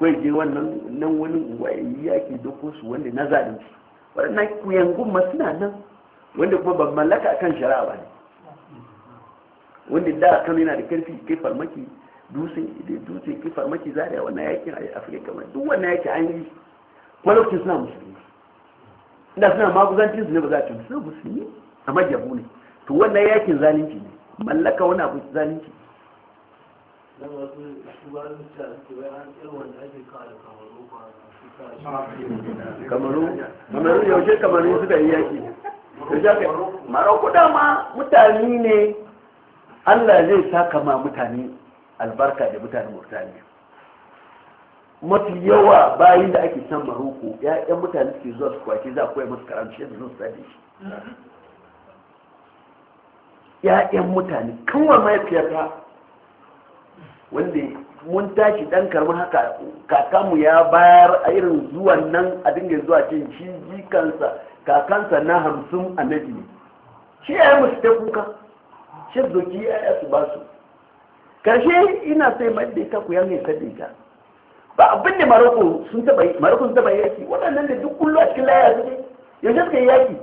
kawai je wannan nan wani wayi yaki doko su wanda na zaɗin su waɗannan kuyangun ma suna nan wanda kuma ban mallaka akan shari'a ba ne wanda da aka yana da karfi kai farmaki dutse da dutse kai farmaki zariya wannan yakin a afirka ma. duk wannan yaki an yi kwalokin lokacin suna musulmi inda suna maguzancin su ne ba za a ci musulmi amma jabu ne to wannan yakin zalunci ne mallaka wani abu zalunci ne don wasu shugabanin da ake bayan irin ake kare kamaru kamaru kamaru yaushe kamaru suka yi yaki maroko dama mutane ne allah zai saka ma mutane albarka da mutane murtaniya mafi yawa bayan da ake san maroko ya'yan mutane suke zuwa su kwace za a koya masu karamci da zuwa sadi mm-hmm. ya'yan mutane kan kanwa mahaifiyarta wanda mun tashi dan karbi haka kakamu ya bayar a irin zuwan nan a dinga zuwa cin shi jikansa kakansa na hamsin annabi ne shi ya yi musu ta kuka shi zoki ya su ba su karshe ina sai mai da ita ku ya mai sadi ta ba abin da maroko sun taba maroko sun taba yaki waɗannan da duk kullu a cikin laya suke yanzu suka yi yaki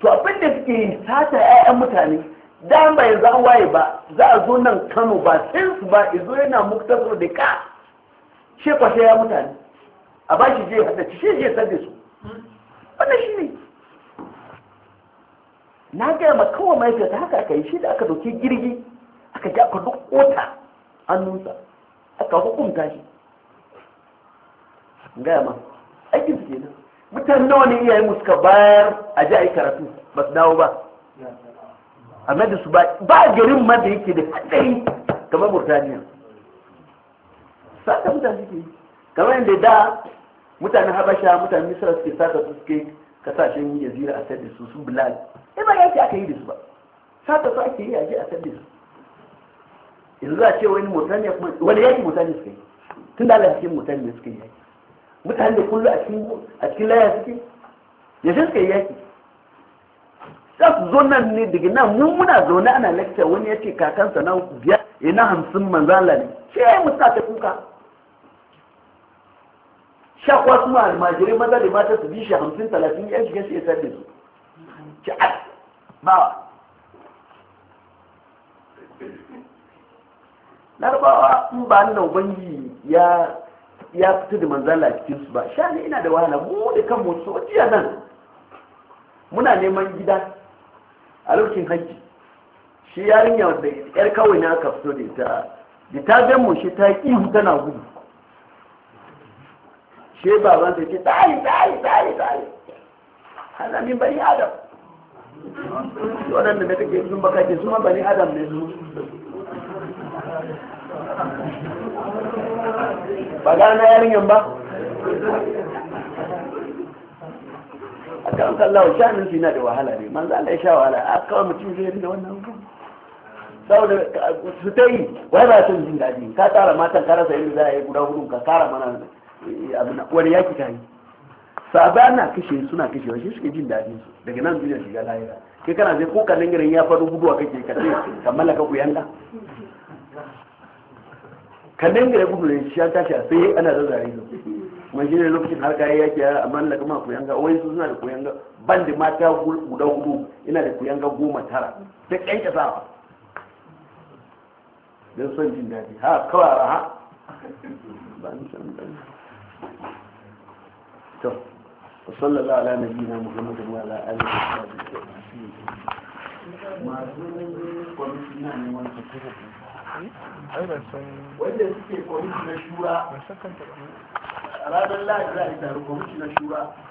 to abin da suke sata 'ya'yan mutane da mai zan waye ba za a zo nan kano ba sai su ba izo yana muktasar da ka she kwashe ya mutane a ba shi je hada ci she je sande su wannan shi ne na gaya ma kawai mahaifiyarsa haka aka yi shi da aka dauke girgi aka ji aka duk kota hannunsa aka hukunta shi gaya ma aikin su nan mutane nawa ne iyayen mu suka bayar a ji a yi karatu ba su dawo ba ahmed su ba ba garin ma da yake da hadari kamar burtaniya sata mutane suke kamar yadda da mutanen habasha mutanen misra suke sata su suke kasashen yazira a sadda su sun bilal eh ba yake aka yi da su ba sata su ake yi a je a sadda su yanzu za a ce wani mutane kuma wani yaki mutane suke tun da Allah cikin mutane suke yaki mutane da kullu a cikin a laya suke yi suke yaki za su zo nan ne daga nan mu muna zaune ana lecture wani ya ce kakansa na biyar ina eh, hamsin manzala ne ce ya yi musa ta kuka sha kuwa su ma almajirai maza da mata su bi shi hamsin talatin ya shiga shi ya sarde su ce a bawa larabawa in ba nan ubangi ya ya fito da manzala a cikin su ba sha ne ina da wahala mu da kanmu motsa jiya nan muna neman gida a lokacin haji shi yarinya wanda yar kawai na aka fito da ita da ta gan mu shi ta ihu tana gudu shi baban ta ce tsari tsari tsari tsari hana min bani adam waɗanda mai take sun baka ke suna bani adam ne su ba gana yarinyar ba a kan wa shanin shi na da wahala ne manzo Allah ya sha wahala a kawai mutum zai rinda wannan abu saboda su ta yi wai ba sun jin daji ka tara matan ka rasa yadda za a yi guda hudu ka tara mana eh, abin wani yaki ta yi sabai na kashe suna kashe shi suke jin daji su daga nan duniya shiga lahira kai kana zai ko kanin garin ya faru guduwa kake ka ce ka mallaka ku yanda kanin garin gudu ne shi ya tashi a sai ana zazzare su kuma shi ne lokacin har kayi yaki a mallaka kuma kuyanga wai su suna da kuyanga ban da mata guda hudu ina da kuyanga goma tara ta kyanke ba. don son jin daɗi ha kawai ha ba ni san ba to ala الله على نبينا محمد وعلى اله وصحبه اجمعين wanda suke kwamishin na shura a ranar lahadi za a yi taron kwamishinan shura